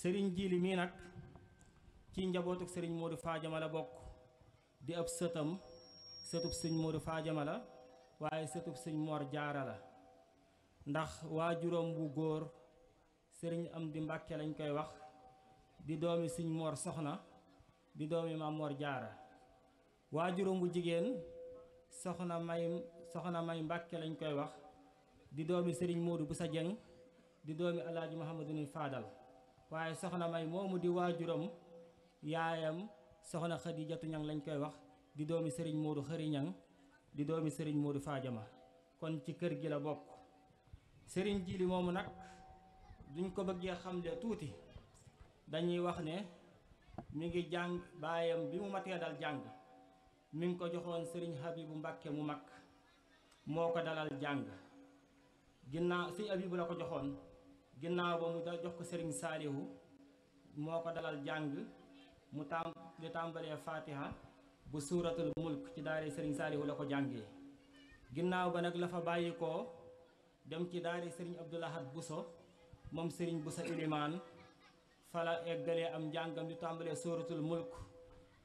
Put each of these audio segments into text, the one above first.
sëriñ Jili mii nag ci njabootuk sëriñ Modou Fadiama la bokk di ab sëtam sëtub sëñ Modou Fadiama la waaye sëtub sëñ Mor Jaara la ndax waajuram bu góor sëriñ Amdi Mbàkke lañ koy wax di doomi sëñ Mor Soxna di doomi Maam Mor Jaara waajuram bu jigéen soxna may soxna may Mbàkke lañu koy wax di doomi sëriñ bu sa Dieng di doomi Alaaji Mouhamadou Faadal waye soxna may momu di wajuram yaayam soxna xadijatu ñang lañ koy wax di doomi serigne modou xëri ñang di doomi serigne modou faajama kon ci kër gi la bok serigne jili momu nak duñ ko xam xamle tuti dañuy wax ne mi ngi jang bayam bi mu maté dal jang mi ngi ko joxoon serigne Habibu mbacke mu mak moko dalal jang ginnaw sëriñ Habibu la ko joxoon ginnaaw ba mu jox ko sëriñ saalihu moo ko dalal jàng mu tam li tàmbalee fatiha bu suuratul mulk ci daare sëriñ saalihu la ko jàngee ginnaaw ba nag la fa bàyyi ko dem ci daare sëriñ abdoulahat buso moom sëriñ buso ilimaan fala eggalee am njàngam li tàmbalee suuratul mulk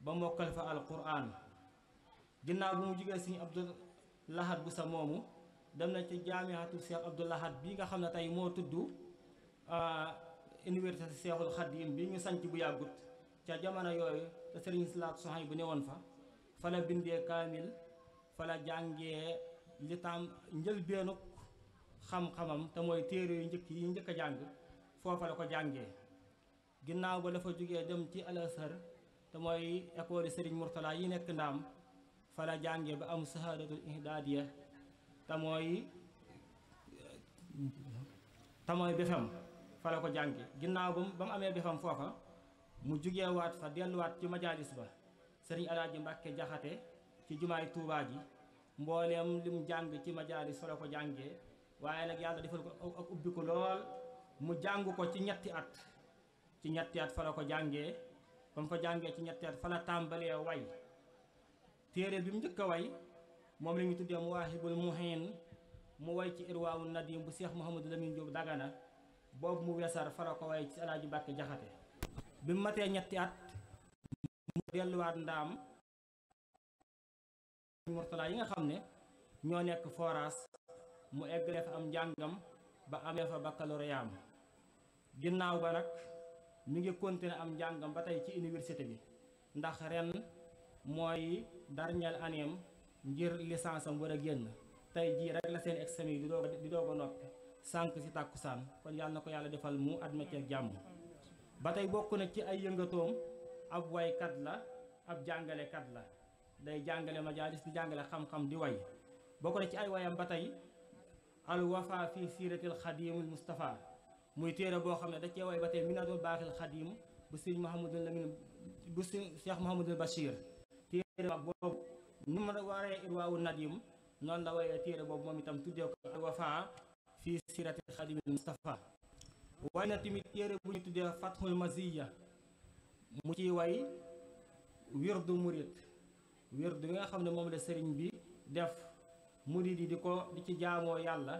ba mokkal fa alquran ginnaaw bu mu jugee sëriñ abdoulahat buso moomu dem na ci jaamihatul cheikh abdoulahat bi nga xam ne tey moo tudd Euh, université Seexul Xadiim bi ñu sanc bu yàggut ca jamono yooyu te sëriñ Silaat Sohay bu ne fa fa fala bindee kaamil fala jàngee li tam njëlbeenuk xam-xamam te mooy yi njëkk a jàng foofa ko jàngee ba la jógee dem ci Al Azhar te mooy école sëriñ Murtala yi nekk ndaam fala ba am sahaadatul fa la ko jànge ginnaaw bam ba mu amee befam foofa mu jugeewaat fa delluwaat ci majaalis ba sëriñ alaaji mbàkke jaxate ci jumaay tuubaa ji mbooleem li mu jàng ci majaalis fa la ko jànge waaye nag yàlla defal ko ak ubbi ko lool mu jàng ko ci ñetti at ci ñetti at fa la ko jàngee ba fa jàngee ci ñetti at fa la tàmbalee way téere bi mu njëkk a way moom la ñu tuddee Muwaahibul Muhiin mu way ci Irwaawu Nadim bu Seex Muhammadu Lamin Jóob Dagana Bob mu weesaar fara ko way ci alaaji bakki jaxate bi maté ñetti at mu wat ndam murtala yi nga xamné ño nek foras mu eggale fa am jangam ba amé fa baccalauréat ginnaw ba nak mi ngi continuer am jangam ba tey ci université bi ndax ren moy darñal anem ngir licence am wara genn tay ji rek la seen examen di do di sànq si tàkkusaan kon yàlla na ko yàlla defal mu adma ceeg jàmm ba tey bokk na ci ay yëngatoom ab waykat la ab jàngalekat la day jàngale majaalis di jàngale xam-xam di way bokk na ci ay wayam ba tey alwafa fi siiratil xadimul mustafa muy téere boo xam ne da cee way ba tey minadul baaxil xadim bu sëñ Mouhamadul Lamin bu sëñ Cheikh Mouhamadul Bachir téere boobu ni mu waree irwaawu nadim noonu la wayee téere boobu moom itam tuddee ko alwafa fii sirati xadimil Mustafa waaye na tamit téere bu ñu tuddee Fathul Maziya mu ci way wirdu murit wirdu bi nga xam ne moom la sëriñ bi def murit yi di ko di ci jaamoo yàlla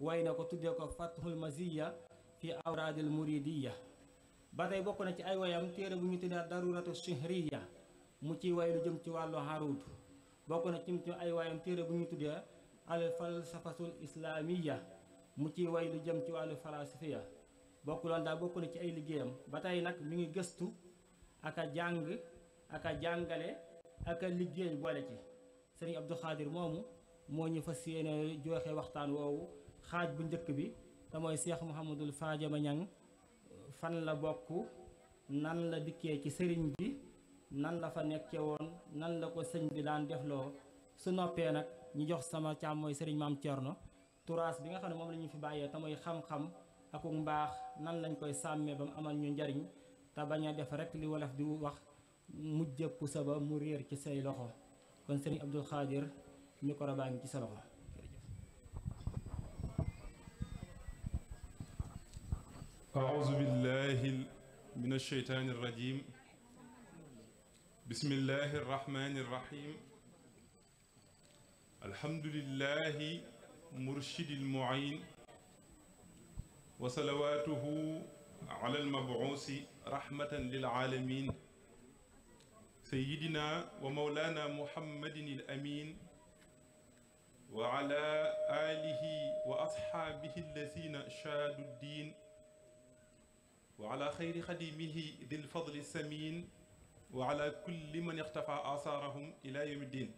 way na ko tuddee ko Fathul Maziya fi awraadil muridiya ba tey bokk na ci ay wayam téere bu ñu tuddee mu ciy way lu jëm ci wàllu haruud bokk na ci ay wayam téere bu al falsafatul islaamiya mu ci way lu jëm ci wàllu falaasifiya bokk loolu daal bokk na ci ay liggéeyam ba tey nag mu ngi gëstu ak jàng aka jàngale ak a liggéey boole ci sëriñ Abdou moomu moo ñu fas yéene joxe waxtaan woowu xaaj bu njëkk bi te mooy Cheikh Mouhamadul Fadiama Niang fan la bokk nan la dikkee ci sëriñ bi nan la fa nekkee woon nan la ko sëñ bi daan defloo su noppee nag ñu jox sama càmmooy sëriñ Maam Thierno turaas bi nga xam ne moom la fi bàyyee te mooy xam-xam ak mbaax nan lañ koy sàmmee ba mu amal ñu njariñ te bañ a def rek li wolof di wax mujj pusa ba mu réer ci say loxo kon sëriñ Abdul Xaadir micro baa ngi ci sa loxo أعوذ مرشد المعين وصلواته على المبعوث رحمة للعالمين سيدنا ومولانا محمد الأمين وعلى آله وأصحابه الذين شادوا الدين وعلى خير خديمه ذي الفضل السمين وعلى كل من اختفى آثارهم إلى يوم الدين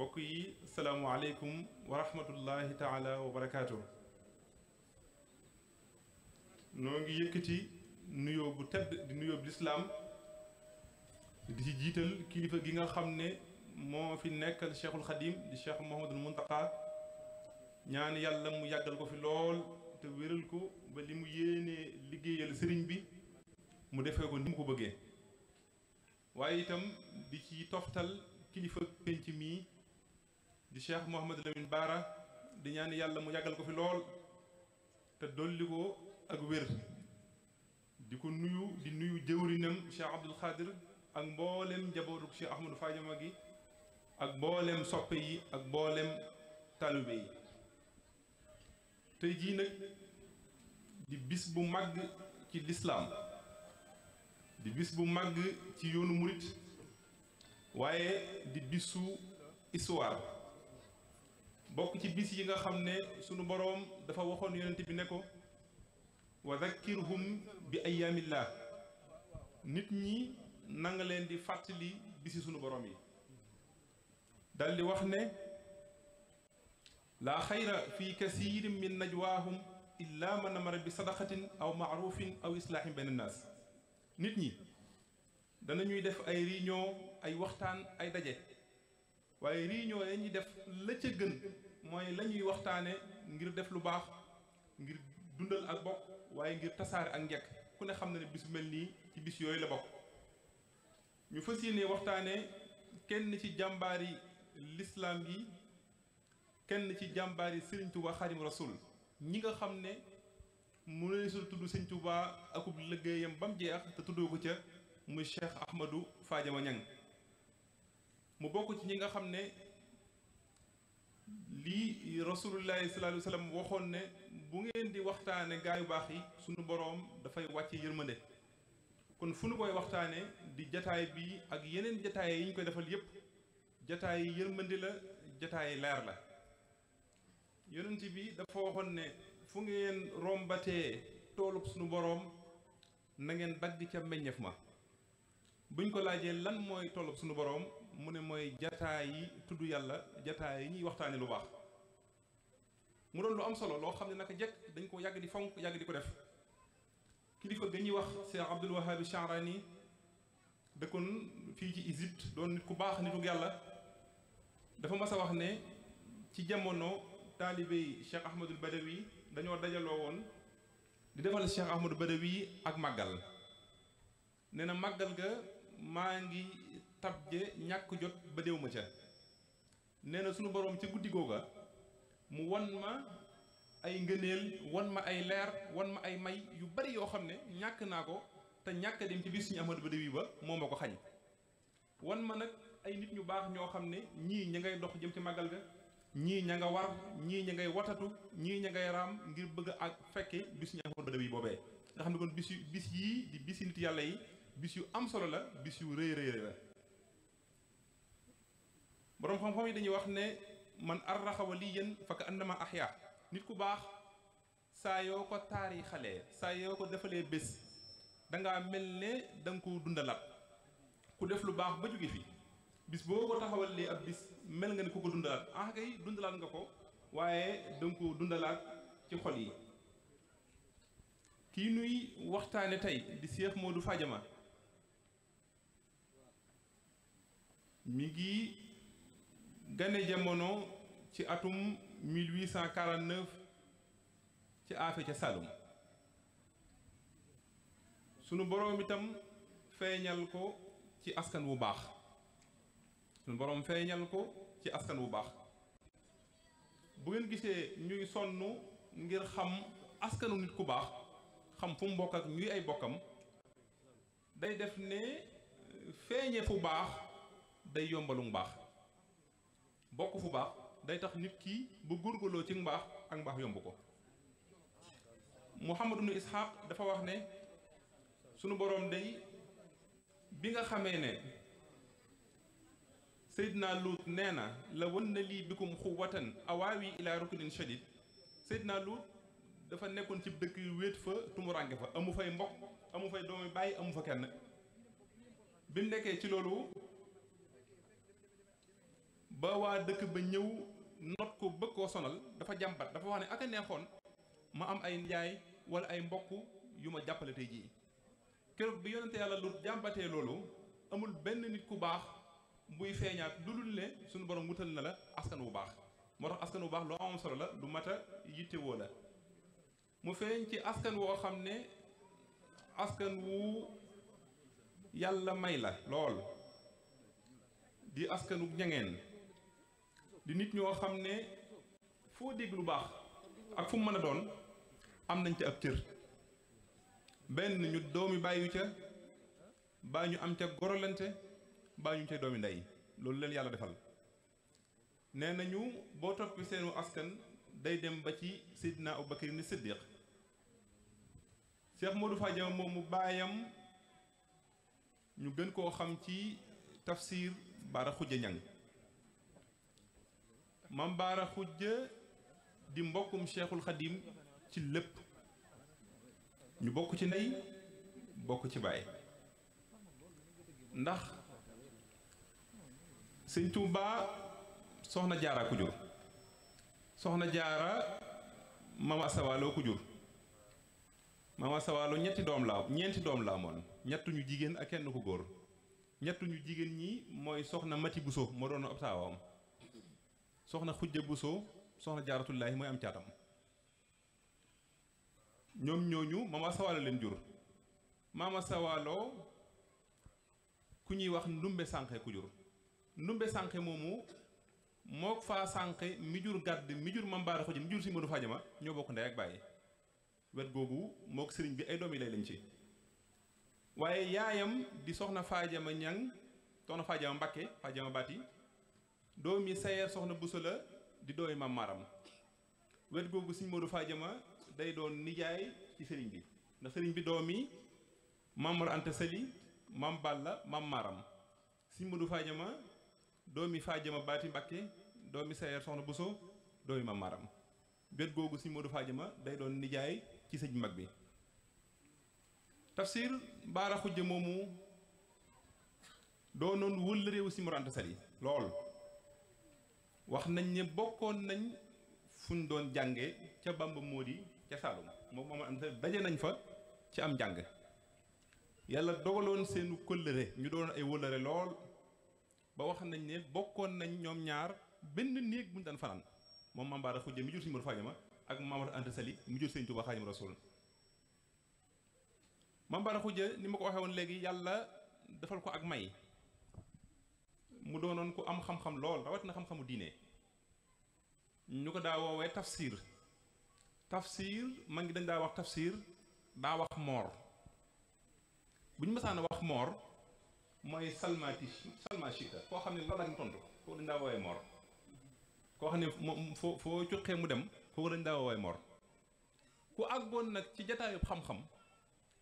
mbokk yi salaamualeykum wa rahmatullahi taala wa barakaatu. noo ngi yëkkati nuyoo bu tedd di nuyoo bu lislaam di ci jiital kilifa gi nga xam ne moo fi nekkal cheikhul xadim di cheikh Mouhamadul Muntaqa ñaan yàlla mu yàggal ko fi lool te wéral ko ba li mu yéenee liggéeyal sëriñ bi mu defee ko ni mu ko bëggee waaye itam di ci toftal kilifa penc mii di cheikh Mouhamadou Lamine Baara di ñaan yàlla mu yàggal ko fi lool te dolli ko ak wér di ko nuyu di nuyu jëwrinam cheikh Abdoul Khadir ak mboolem njabootu cheikh Ahmadou Fadiama gi ak mboolem soppe yi ak mboolem talube yi tey jii nag di bis bu màgg ci lislaam di bis bu màgg ci yoonu murit waaye di bisu histoire bokk ci bis yi nga xam ne sunu boroom dafa waxoon yonent bi ne ko wa zakkirhum bi ayyaamillah nit ñi nanga leen di fàttali bisi sunu boroom yi daldi wax ne laa xayra fi kasiirin min najwaahum illa man amara bi sadaqatin aw maarufin aw islaahin bayna naas nit ñi danañuy def ay réunion ay waxtaan ay daje waaye réunion ya ñuy def la ca gën mooy la waxtaane ngir def lu baax ngir dundal ak bokk waaye ngir tasaare ak njekk ku ne xam na ne bis mel nii ci bis yooyu la bokk ñu fas yéene waxtaane kenn ci jàmbaar yi lislaam yi kenn ci jàmbaar yi Serigne Touba Xaadimu Rasuul ñi nga xam ne mu ne sul tudd Serigne Touba akub liggéeyam ba mu jeex te tuddoo ko ca muy Cheikh Ahmadou Fadiama Niang mu bokk ci ñi nga xam ne lii rasulullahi sallallahu alayhi wa sallam waxoon ne bu ngeen di waxtaane gaa yu baax yi suñu boroom dafay wàcce yërmande kon fu nu koy waxtaane di jataay bii ak yeneen jataay yi ñu koy defal yépp jataay yërmande la jataay leer la yonent bi dafa waxoon ne fu ngeen rombatee toolub suñu boroom na ngeen dagg ca meññeef ma buñ ko laajee lan mooy toolub suñu boroom mu ne mooy jataay yi tudd yàlla jataay yi ñuy waxtaane lu baax mu doon lu am solo loo xam ne naka jekk dañ ko yàgg di fonk yàgg di ko def kilifa ga ñuy wax Cheikh Abdul Wahab Charani dëkkoon fii ci Égypte doon nit ku baax nitu yàlla dafa mas a wax ne ci jamono taalibe yi Cheikh Ahmadul Badawi dañoo dajaloo woon di defal Cheikh Ahmadul Badawi ak màggal nee na màggal ga maa ngi tabje ñàkk jot ba déwuma ca nee na sunu borom ci guddi goga mu won ma ay ngëneel wan ma ay leer wan ma ay may yu bari yo xamne ne nyak te ñàkk dem ci bir suñu amadou ba déwi ba momako xagn won wan ma nak ay nit ñu bax ño xamne ñi ngay dox jëm ci magal ga ñi ña nga war ñi ña ngay watatu ñi ña ngay ram ngir bëgg ak fekke bir ñu amadou ba déwi nga xamne kon bis bis yi di bisi nit yalla yi bis yu am solo la bis yu reey reey la boroom xam-xam yi dañuy wax ne man ar arraxa waliyan fa ka annama ahya nit ku baax saa yoo ko taarixalee saa yoo ko defalee bés dangaa mel ne danga ko dundalaat ku def lu baax ba jóge fi bis boo ko taxawalee ak bis mel nga ne ku ko dundalaat ah dundalaat nga ko waaye danga ko dundalaat ci xol yi kii nuy waxtaane tey di Cheikh du Fadiama mi ngi gane jamono ci atum 1849 ci Afe ca Saloum sunu boroom itam feeñal ko ci askan wu baax sunu boroom feeñal ko ci askan wu baax bu ngeen gisee ñuy sonn ngir xam askanu nit ku baax xam fu bokk ak ñuy ay bokkam day def ne feeñe fu baax day yombalum baax bokk fu baax day tax nit ki bu góorgóorloo ci mbaax ak mbaax yomb ko Muhammad ibnu Ishaq dafa wax ne sunu boroom day bi nga xamee ne naa Luut nee na la wan na lii bikum xuwatan awaawi ilaa ruknin shadid Seydina Luut dafa nekkoon ci dëkk yu wéet fa tumuranke fa amu fay mbokk amu fay doomi bàyyi amu fa kenn bi nekkee ci loolu ba waa dëkk ba ñëw not ko bëgg koo sonal dafa jàmbat dafa wax ne ak a neexoon ma am ay njaay wala ay mbokk yu ma jàppale tey jii keroog bi yonente yàlla lu jàmbatee loolu amul benn nit ku baax buy feeñaat lu dul ne suñu borom wutal na la askan wu baax moo tax askan wu baax lu am solo la lu mat a yittewoo la mu feeñ ci askan woo xam ne askan wu yàlla may la lool di askanu ñangeen di nit ñoo xam ne foo dégg lu baax ak fu mën a doon am nañ ca ab cër benn ñu doomi bàyyu ca baa ñu am ca gorolante baa ñu ca doomi ndey loolu leen yàlla defal nee nañu boo toppi seenu askan day dem ba ci Seydina Abubakar ni Siddiq Cheikh Modou Fadiama moom mu baayam ñu gën koo xam ci tafsir Bara Khoudia Niang mam baara xujja di mbokkum cheikhul xadim ci lépp ñu bokk ci ndey bokk ci baay ndax sëñ Tuuba soxna jaara ku soxna jaara mama sawaloo ku jur mama sawaloo ñetti doom la ñeenti doom laa amoon ñettu ñu jigéen ak kenn ku góor ñettu ñu jigéen ñi mooy soxna mati buso moo doon ab taawam soxna bu busoo soxna jaaratullaahi mooy am caatam ñoom ñooñu maama sawaalo leen jur maama sawaalo ku ñuy wax ndumbe sànqe ku jur ndumbe sànqe moomu mook faa sànqe mi jur gàdd mi jur mambaara xujja mi jur si madu fajama ñoo bokk ndey ak bàyyi wet googu mook sëriñ bi ay doom yi lay lañ ci waaye yaayam di soxna faajama ñang soxna faajama mbàkke faajama baati doomi sayeer soxna Bousso la di doomi mam maram wet googu sëñ Modou Fadiama day doon nijaay ci sëriñ bi ndax sëriñ bi doomi mam Mor Anta Sali mam Balla mam maram sëñ Modou Fadiama doomi Fadiama baati Mbàkke doomi sayeer soxna Bousso doomi mam maram wet googu sëñ Modou Fadiama day doon nijaay ci sëñ mag bi tafsir baara xujja moomu doonoon wëllëreewu sëñ Mor Anta Sali lool wax nañ ne bokkoon nañ fuñ doon jànge ca Bamba Mori ca Saalum moom moom am daje nañ fa ci am jàng yàlla dogaloon seenu kóllëre ñu doon ay wëllëre lool ba wax nañ ne bokkoon nañ ñoom ñaar benn néeg bu ñu daan fanaan moom mambaara xujje mi jur suñu mor faajama ak mamar anta sali mu jur sëñ Tuubaa Xaadimu Rasuul mambaara xujje ni ma ko waxee woon léegi yàlla defal ko ak may mu doonoon ku am xam-xam lool rawatina xam-xamu diine ñu ko daa woowee tafsir tafsir ma ngi dañ daa wax tafsir daa wax moor bu ñu mësaan a wax moor mooy salma chita koo xam ne loolu dañ tontu kooku koo xam ne moom foo foo cuqee mu dem kooku dañ daa woowee moor ku àggoon nag ci jataayu xam-xam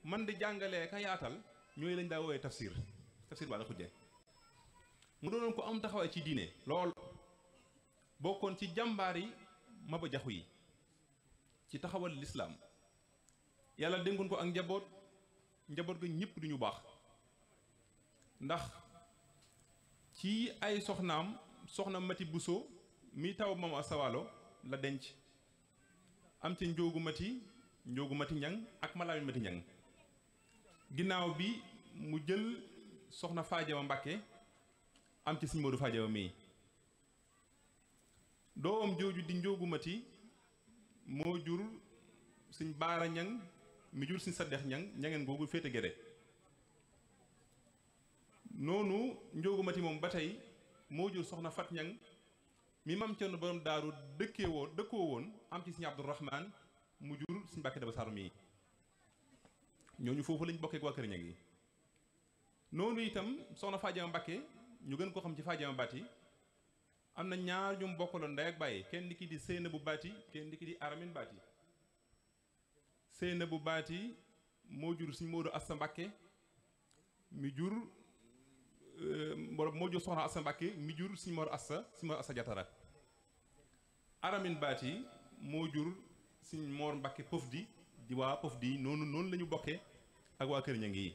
man di jàngalee ka yaatal ñooy lañ daa woowee tafsir tafsir baa la xujjee mu doonoon ko am taxawaay ci diine lool bokkoon ci jàmbaar yi maba jaxu yi ci taxawal lislaam yàlla dénkoon ko ak njaboot njaboot ga ñëpp duñu baax ndax ci ay soxnaam soxna mati buso mi taw mam a sawalo la denc am ca njóogu mati njóogu mati ñang ak malaamin mati ñang ginnaaw bi mu jël soxna faajama mbàkke am ci sëñ Moodu faajama mii doomam jooju di njóogumati moo jur suñ baara ñang mi jur suñ saddex ñang ñangeen googu féete gere noonu njóogumati moom ba tey moo jur soxna fat ñang mi mam ceen borom daaru dëkkee woon dëkkoo woon am ci suñu abdourahman mu jur suñ mbàkke daba saaru mii ñooñu foofu lañ bokkee waa kër ñang yi noonu itam soxna faajama mbàkke ñu gën koo xam ci faajama baat am na ñaar ñum bokkaloon ndey ak bàyyi kenn ki di bu Baty kenn ki di Aramine Baty Seynabou Baty moo jur suñ Modou Asta Mbacké mi jur euh, moo jur soxna Asta Mbacké mi jur suñ Mor Asta suñ Mor Asta Diatara moo jur suñ Mor Mbacké Pofdy di waa Pofdy noonu noonu la ñu bokkee ak waa kër ña ngi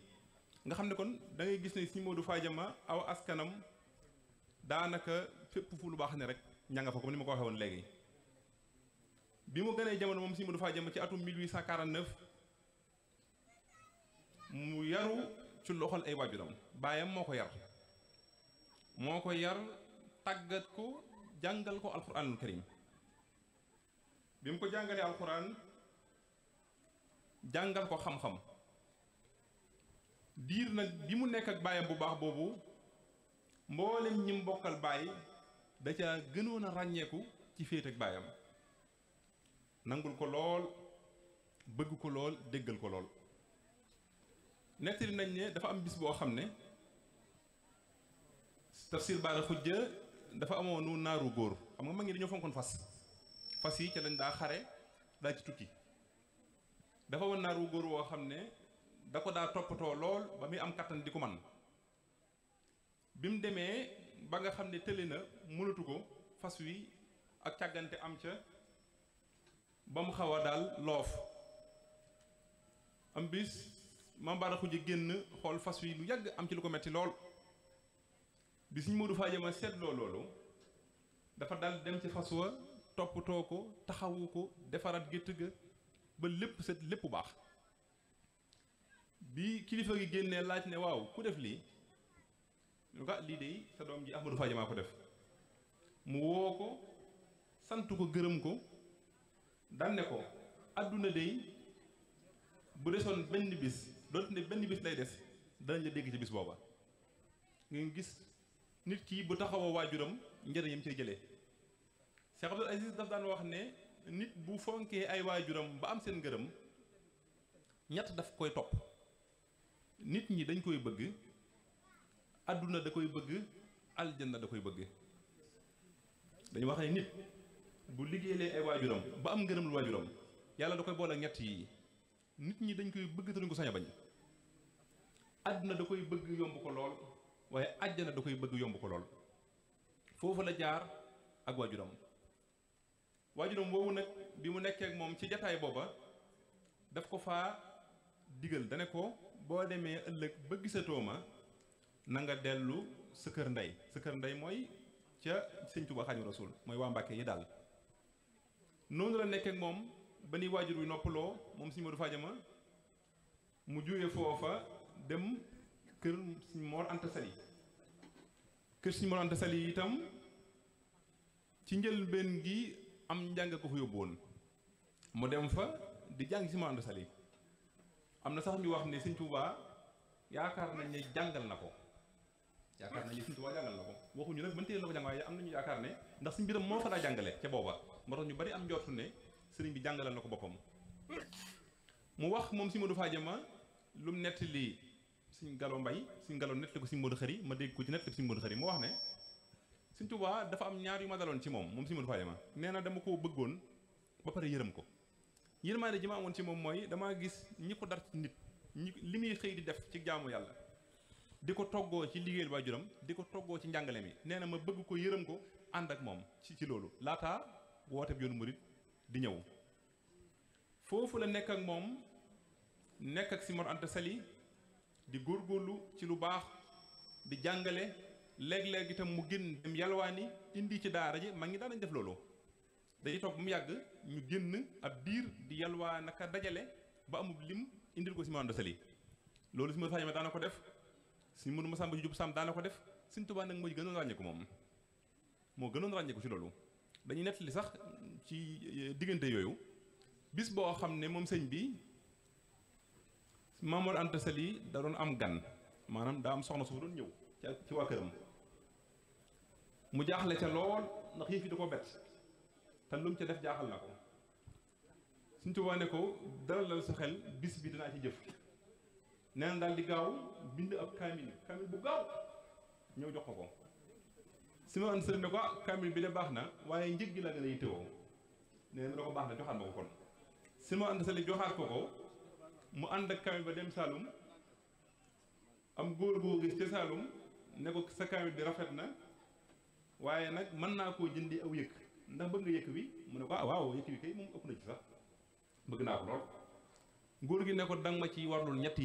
nga xam ne kon da ngay gis ne suñ Modou Fadiama aw askanam daanaka fépp fu lu baax ne rek ña nga ko comme ni ma ko waxee woon léegi bi mu gënee jamono moom si mu du faa jëm ci atum 1849 mu yaru ci loxol ay waajuram baayam moo ko yar moo ko yar tàggat ko jàngal ko alxuraanul karim bi mu ko jàngalee alxuraan jàngal ko xam-xam diir nag bi mu nekk ak baayam bu baax boobu mboolem ñi mu bokkal baay da caa gënoon a ràññeeku ci féet ak baayam nangul ko lool bëgg ko lool déggal ko lool nettali nañ ne dafa am bis boo xam ne tafsir baara xujja dafa amoonu naaru góor xam nga mag ñi dañoo fonkoon fas fas yi ca lañ daa xare daa ci tukki dafa woon naaru góor woo xam ne da ko daa toppatoo lool ba muy am kattan di ko man bi mu demee ba nga xam ne tële na mënatu ko fas wi ak càggante am ca ba mu xaw daal loof am bis mambaara xuj génn xool fas wi lu yàgg am ci lu ko metti lool bi suñ Modou Fadiama seetloo loolu dafa dal dem ci fas wa toppatoo ko taxawu ko defaraat gétt ga ba lépp set lépp baax bi kilifa gi génnee laaj ne waaw ku def lii ñu ko lii de sa doom ji Ahmadou Fadiama ko def mu woo ko sant ko gërëm ko danne ko àdduna dey bu desoon benn bis doonte ne benn bis lay des danañ la dégg ci bis booba ngeen gis nit kii bu taxawoo waajuram njëriñam ci jëlee Cheikh Abdoul Aziz daf daan wax ne nit bu fonkee ay waajuram ba am seen gërëm ñett daf koy topp nit ñi dañ koy bëgg àdduna da koy bëgg aljanna da koy bëgg dañu wax ne nit bu liggéeyee ay waajuram ba am ngërëmul waajuram yàlla da koy boole ñett yi nit ñi dañ koy bëgg te ko sañ bañ àdduna da koy bëgg yomb ko lool waaye àjjana da koy bëgg yomb ko lool foofu la jaar ak waajuram waajuram woowu nag bi mu nekkee moom ci jataay booba daf ko faa digal dane ko boo demee ëllëg ba gisatoo ma na nga dellu sa kër ndey sa kër ndey mooy ca sëñ Tuubaa Xaadimu Rasuul mooy waa Mbàkke yi daal noonu la nekk ak moom ba wi mu dem ker simo Mor Anta Sali kër simo Mor Anta Sali itam ci ben gi am jangga ko fa yóbbu woon mu dem fa di jang Mor Sali am sax ñu wax ne sëñ Tuubaa yaakar nañ ne jangal nako yaakaar nañu suñ tubaa jàngal na ko waxuñu nag mën téye la ko jàng waaye am nañu yaakaar ne ndax suñ mbiram moo ko daa jàngale ca booba moo tax ñu bari am njortu ne sëriñ bi jàngalal na ko boppam mu wax moom si Modou Fadiama lu mu nett lii suñ galo mbay suñ galo nett ko si Modou Xari ma dégg ko ci nett ko si Modou Xari mu wax ne suñ tubaa dafa am ñaar yu ma daloon ci moom moom si Modou Fadiama nee na dama koo bëggoon ba pare yërëm ko yërmaande ji ma amoon ci moom mooy damaa gis ñi ko dar ci nit ñi li muy xëy di def ci jaamu yàlla di ko toggoo ci liggéeyal waajuram di ko toggoo ci njàngale mi nee na ma bëgg ko yërëm ko ànd ak moom ci ci loolu laataa wooteeb yoonu murit di ñëw foofu la nekk ak moom nekk ak si Mor Anta Sali di góorgóorlu ci lu baax di jàngale léeg-léeg itam mu génn dem yalwaani indi ci daara ji mag ñi daanañ def loolu dañuy toog ba mu yàgg ñu génn ab diir di yalwaa naka dajale ba amul lim indil ko si Mor Anta Sali loolu si ma saajama daana ko def si mënu ma sàmba jub sàmm daana ko def suñ tubaa nag mooy gënoon ràññeeku moom moo gënoon ràññeeku ci loolu dañuy nettali sax ci euh, diggante yooyu bis boo xam ne moom sëñ bi Mamoor Anta Sali da doon am gan maanaam daa am soxna suuf doon ñëw ci waa këram mu jaaxle ca lool ndax yëf yi da ko bett te lu mu ca def jaaxal na ko suñ tubaa ne ko dalalal sa xel bis bi danaa ci jëf neen daal di gaaw bind ak kaamil kaamil bu gaaw ñëw jox ko ko si ma ënsër ne ko ah, kaamil bi de baax na waaye njëg gi la nga lay tëwoo nee na da ko baax na joxaat ma ko kon si ma ënsëli joxaat ko ko mu ànd ak kaamil ba dem Saalum am góor goo gis ca Saalum ne ko sa kaamil bi rafet na waaye nag mën naa koo jëndi aw yëkk ndax bëgg nga yëkk wi mu ne ko ah waaw yëkk wi kay moom ëpp na ci sax bëgg naa ko lool góor gi ne ko danga ma ci warlul ñett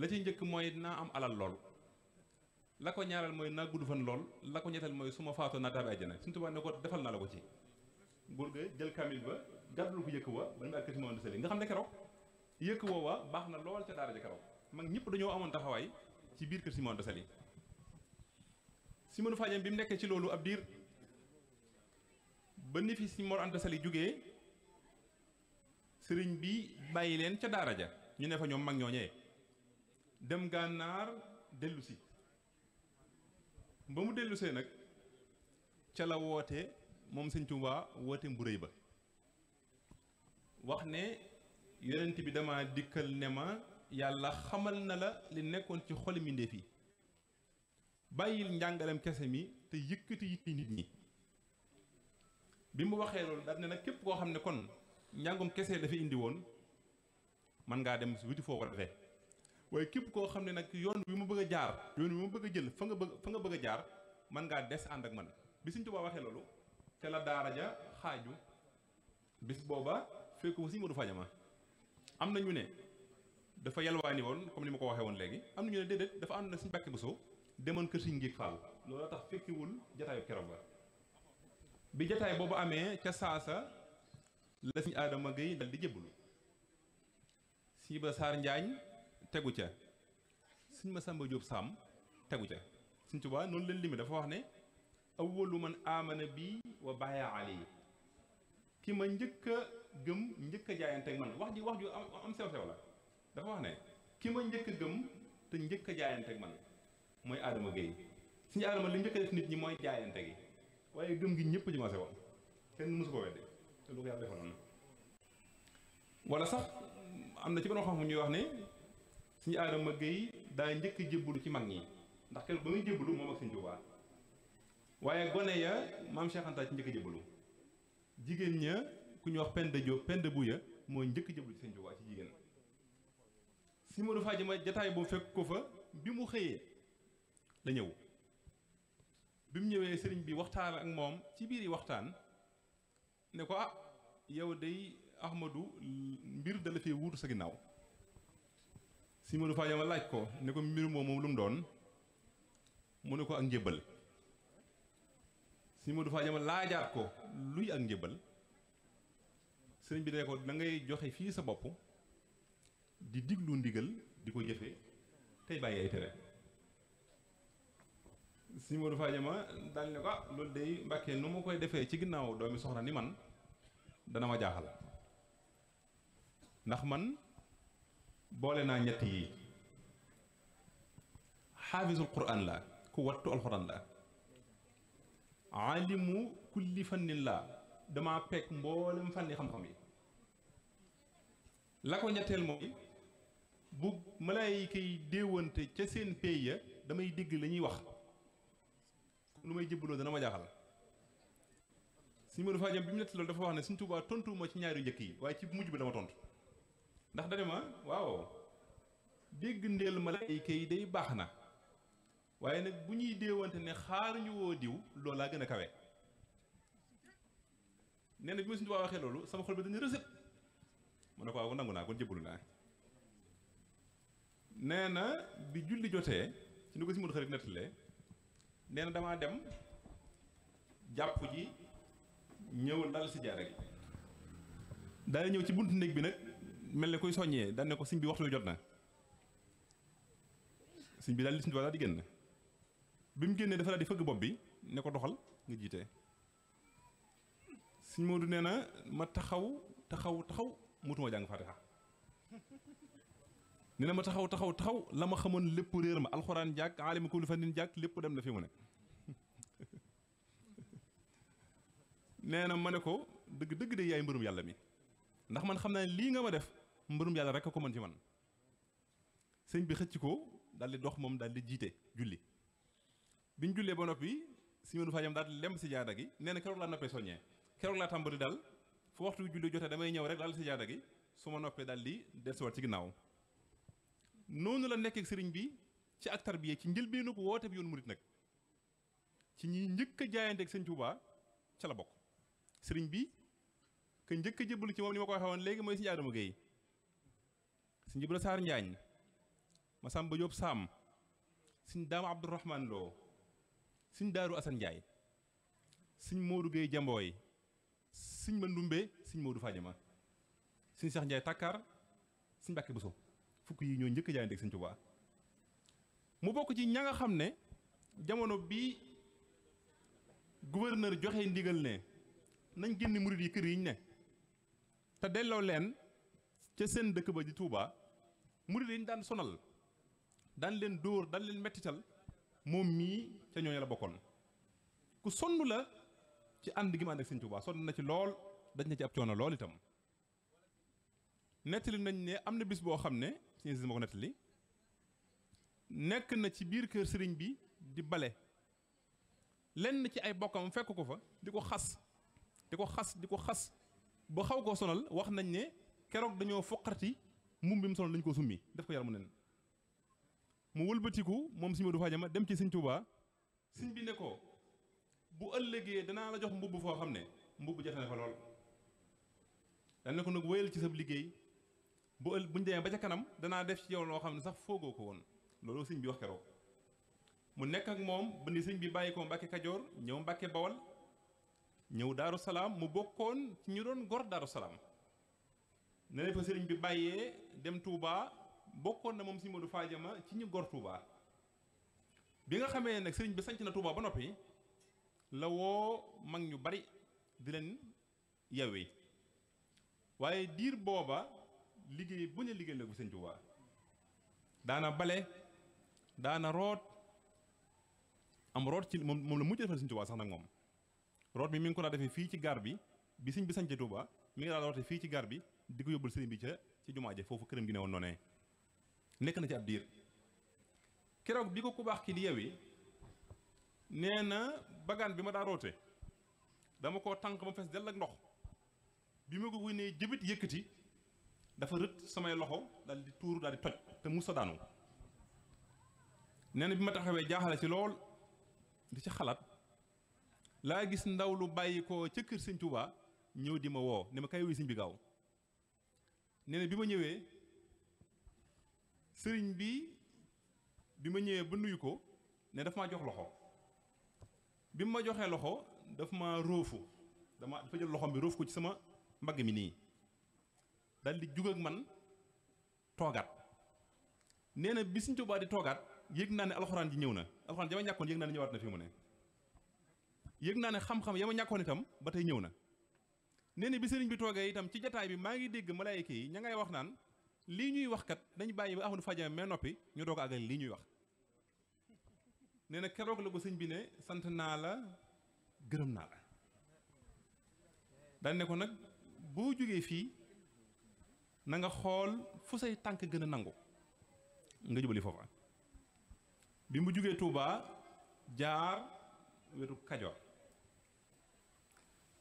la ci njëkk mooy naa am alal lool la ko ñaaral mooy naa gudd fan lool la ko ñetteel mooy su ma faatoo naa taabi àjjana suñu tubaab ne ko defal naa la ko ci buur ga jël kamil ba gàddul ko yëkk wa ba ak kasimaon seli nga xam ne keroog yëkk woo wa baax na lool ca daara ja keroog mag ñëpp dañoo amoon taxawaay ci biir kër Simon de Sali Simon Fadiam bi mu nekkee ci loolu ab biir ba ni fi si Mor ànd Sali jógee sëriñ bi bàyyi leen ca daara ja ñu ne fa ñoom mag ñoo ñooñee dem gànnaar dellusi ba mu dellusee nag ca la woote moom sëñ Tuubaa woote mburéy ba wax ne yonent bi dama dikkal ne ma yàlla xamal na la li nekkoon ci xol mbindéef yi bàyyil njàngalem kese mi te yëkkati yitti nit ñi bi mu waxee loolu daal ne nag képp koo xam ne kon njàngum kese dafa indi woon mën ngaa dem si wuti foo ko defee waaye kep ko xamne nak yoon wi mu bëgg jaar yoon wi mu bëgg jël fa nga bëgg fa nga bëgg jaar man nga des and ak man bi Sëñ Tuubaa waxe lolu ca la dara ja xaju bis boba fekk fa Sëñ Moodu Fajama amna ñu ne dafa yalwaani won comme nima ko waxe won legi amna ñu ne dedet dafa ànd na Sëñ Buso demone ke Sëñ Ngéeg Fall lolu tax wul jotaay kërëm ba bi jotaay boba amé ca saasa la adama dal di ba sar tegu ca sëñ Masamba Jóob Sàmm tegu ca sëñ Tuubaa noonu leen limi dafa wax ne awwalu man aamana bii wa baya ali ki ma njëkk a njëkk a jaayante wax ji wax ju am dafa wax ne ki ma njëkk a gëm te njëkk a jaayante ak man mooy Adama Gueye suñu Adama li njëkk a def nit ñi mooy jaayante gi waaye gëm gi ñëpp ji ma sewoon kenn mësu ko wedde te lu ko yàlla defaloon na wala sax am na ci benn xam-xam ñuy wax ne suñu aadama géey daa njëkk jébbalu ci mag ñi ndax kenn ba muy jébbalu moom ak sëñ Tuubaa waaye gone ya maam Cheikh Anta ci njëkk jébbalu jigéen ña ku ñu wax Penda Diop Penda mooy njëkk jébbalu ci sëñ Tuubaa ci jigéen si Modou Fadima jataay boobu fekk ko fa bi mu xëyee la ñëw bi mu ñëwee sëriñ bi waxtaan ak moom ci biir yi waxtaan ne ko ah yow day Ahmadou mbir dala fee wuutu sa si Modou Fadio ma laaj ko ne ko mbir moom moom lu doon mu ne ko ak njëbbal si Modou Fadio ma laajaat ko luy ak njëbbal sëriñ bi ne ko da ngay joxe fii sa bopp di diglu ndigal di ko jëfe tey bàyyi ay tere si Modou Fadio ma daal ne ko ah loolu de mbàkkee nu ma koy defee ci ginnaaw doomi soxna ni man dana ma jaaxal ndax man boole naa ñett yi xaafisul quraan laa ku wattu alxuraan laa alimu kulli fannin laa damaa pekk mboolem fànni xam-xam yi la ko ñetteel mooy bu malaayika yi déewante ca seen pay ya damay digg la ñuy wax lu may jëbbaloo dana ma jaaxal suñu mënu faa jëm bi mu nett loolu dafa wax ne suñ Tuubaa tontuwuma ci ñaari njëkk yi waaye ci mujj bi dama tontu ndax dañu ma waaw dégg ndéel malaayika yi day baax na waaye nag bu ñuy déewante ne xaar ñu woo diw laa gën a kawe nee na bi ma suñu waxee loolu sama xol bi dañu rësët mu ne ko waaw nangu naa kon jëbbalu naa nee na bi julli jotee ci ni ko si mën xarit nettalee nee na damaa dem jàppu ji ñëwal dal si jaare gi daal ñëw ci buntu néeg bi nag mel ne kuy soññee daan ko siñ bi waxtu jot na sëñ bi daal li sëñ bi daal di génn bi mu génnee dafa daal di fëgg bopp bi ne ko doxal nga jiite sëñ Moodu nee na ma taxaw taxaw taxaw mutuma jàng fatiha nee na ma taxaw taxaw taxaw la ma xamoon lépp réer ma alxuraan jàkk aalima kulli fannin jàkk lépp dem na fii mu ne nee na ma ne ko dëgg dëgg de yaay mbërum yàlla mi ndax man xam naa lii nga ma def mbërum yàlla rek a ko mën ci man sëñ bi xëcc ko daal di dox moom daal di jiite julli biñ jullee ba noppi si mënu fajam daal di lemb si jaada gi nee na keroog laa noppee soññee keroog laa tàmbali daal fu waxtu julli jotee damay ñëw rek daal si jaada gi su ma noppee daal di dellusiwaat ci ginnaaw noonu la nekk sëriñ bi ci ak tarbiye ci njëlbéenu ko woote bi yoonu murit nag ci ñi njëkk a jaayanteeg sëñ Tuubaa ca la bokk sëriñ bi ka njëkk a jébbalu ci moom ko waxee woon léegi mooy sëñ Jibra Saar Njaañ Masamba Jóob Saam sëñ Daam Abdourahman Lo sëñ Daaru Asan Njaay sëñ Moodu Géey Jambooy sëñ Mandumbe sëñ Moodu Faajama sëñ sax Njaay takkar sëñ Mbàkke Buso fukk yi ñoo njëkk jaay ndeg sëñ Tuubaa mu bokk ci ña nga xam ne jamono bi gouverneur joxe ndigal ne nañ génn murit yi kër yiñ ne te delloo leen ca seen dëkk ba di Touba murid yi ñu daan sonal daan leen dóor daan leen mettital moom mii ca ñooñu la bokkoon ku sonn la ci ànd gi ma ànd ak Sëñ Tuubaa sonn na ci lool daj na ci ab coono lool itam nettali nañ ne am na bis boo xam ne sëñ si ma ko nettali nekk na ci biir kër sëriñ bi di bale lenn ci ay bokkam fekk ko fa di ko xas di ko xas di ko xas ba xaw koo sonal wax nañ ne keroog dañoo foqarti mum bi mu sonal dañu ko summi def ko yaramu nen mu wëlbatiku moom suñu du fajama dem ci sëñ Tuubaa sëñ bi ne ko bu ëllëgee danaa la jox mbubb foo xam ne mbubb jafe na fa lool dañ ne ko nag wéyal ci sab liggéey bu ël buñ demee ba ca kanam danaa def ci yow loo xam ne sax foogoo ko woon loolu sëñ bi wax keroog mu nekk ak moom ba ni bi bàyyi ko Mbàkke Kajoor ñëw Mbàkke Bawal ñëw Daaru Salaam mu bokkoon ci ñu doon gor Daaru Salaam ne ne fa sëriñ bi bàyyee dem tuubaa bokkoon na moom si Modou Fadiama ci ñu gor Touba bi nga xamee nag sëriñ bi sanc na Touba ba noppi la woo mag ñu bari di leen yawee waaye diir booba liggéey bu ñu liggéey la ko sëriñ Touba daana bale daana root am root ci moom moom la mujj defal sëriñ Touba sax nag moom root bi mi ngi ko daa defee fii ci gaar bi bi sëriñ bi sanc Touba mi ngi daa rootee fii ci gar bi di ko yóbbul sëriñ bi ca ci jumaa ji foofu këram gi ne woon noonee nekk na ci ab diir keroog bi ko ku baax ki di yewi nee na bagaan bi ma daa roote dama ko tànk ba mu fees dell ak ndox bi ma ko wuy ne jëbit yëkkati dafa rët samay loxo daal di tuur daal di toj te musa daanu nee na bi ma taxawee jaaxale ci lool di ci xalaat laa gis ndaw lu bàyyi ko ca kër sëñ Tuubaa ñëw di ma woo ne ma kay wuy sëñ bi nee bi ma ñëwee sëriñ bi bi ma ñëwee ba nuyu ko ne daf maa jox loxo bi ma joxee loxo dafa maa róofu dama dafa jël loxoom bi róof ko ci sama mbagg mi nii dal di jug ak man toogaat nee na bi Sëriñ Tuubaa di toogaat yëg naa ne alxuraan ji ñëw na alxuraan ja ma ñàkkoon yëg naa ne ñëwaat na fi mu ne yëg naa ne xam-xam ya ma ñàkkoon itam ba tey ñëw na nee na bi sëriñ bi toogee itam ci jataay bi maa ngi dégg malaayika yi ña ngay wax naan lii ñuy wax kat dañ bàyyi ba ahmadu fajame mais noppi ñu doog àggal lii ñuy wax nee na keroog la ko sëñ bi ne sant naa la gërëm naa la daan ne ko nag boo jógee fii na nga xool fu say tànk gën a nangu nga jubali foofa bi mu jógee tuubaa jaar wetu Kajoor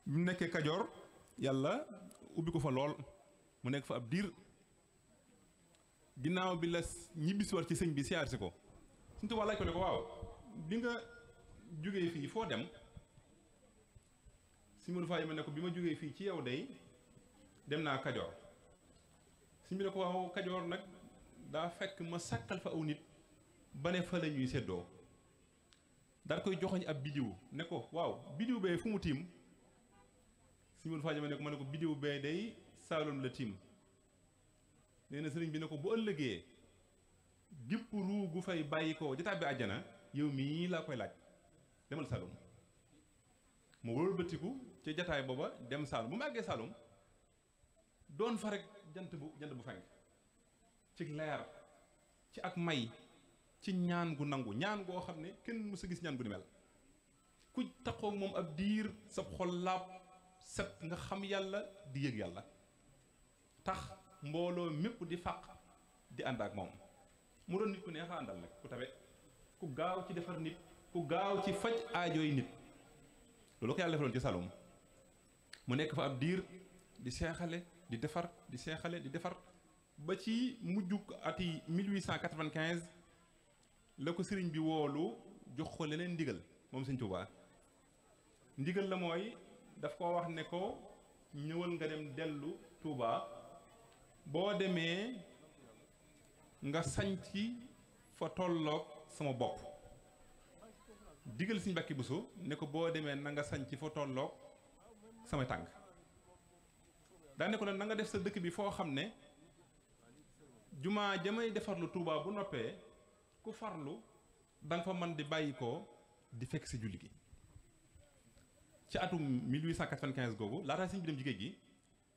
bi mu nekkee Kajoor yàlla ubbi ko fa lool mu nekk fa ab diir ginnaaw bi la ñibbisi ci sëñ bi siyaar si ko suñu ko ne ko waaw bi nga jógee fii foo dem si munu faa ma ne ko bi ma jógee fii ci yaw day dem naa kajoor suñ bi ne ko waaw kajoor nag daa fekk ma sàkkal fa aw nit ba ne fa la ñuy séddoo koy joxoñ ab bidiw ne ko waaw bidiw bee fu mu tiim suñu mën faa ne ko ma ne ko biddiw bee day Saalum la tiim nee sëriñ bi ne ko bu ëllëgee gépp ruu gu fay bàyyi ko jotaab bi àjjana yow mii laa koy laaj demal Saalum mu wëlbatiku ca jataay booba dem Saalum bu màggee Saalum doon fa rek jant bu jant bu fenk ci leer ci ak may ci ñaan gu nangu ñaan goo xam ne kenn mësa gis ñaan gu ni mel ku taxoo moom ab diir sab xol laab set nga xam yàlla di yëg yàlla tax mbooloo mépp di fàq di ànd ak moom mu doon nit ku neex a àndal nag ku tabe ku gaaw ci defar nit ku gaaw ci faj aajooy nit loolu ko yàlla defaloon ci Saloum mu nekk fa ab diir di seexale di defar di seexale di defar ba ci ko ati 1895 la ko sëriñ bi woolu jox ko leneen ndigal moom sëñ Tuubaa ndigal la mooy daf ko wax ne ko ñëwal nga dem dellu Touba boo demee nga sañ ci fa tolloog sama bopp digal Sëriñ Mbàkke Buso ne ko boo demee na nga sañci fa tolloog sama tànk daane ko nag na nga def sa dëkk bi foo xam ne jumaa jamay defarlu Touba bu noppee ku farlu da fa man di bàyyi ko di fekk si julli gi ci atum 1895 googu laataa sëñ bi dem ci géej gi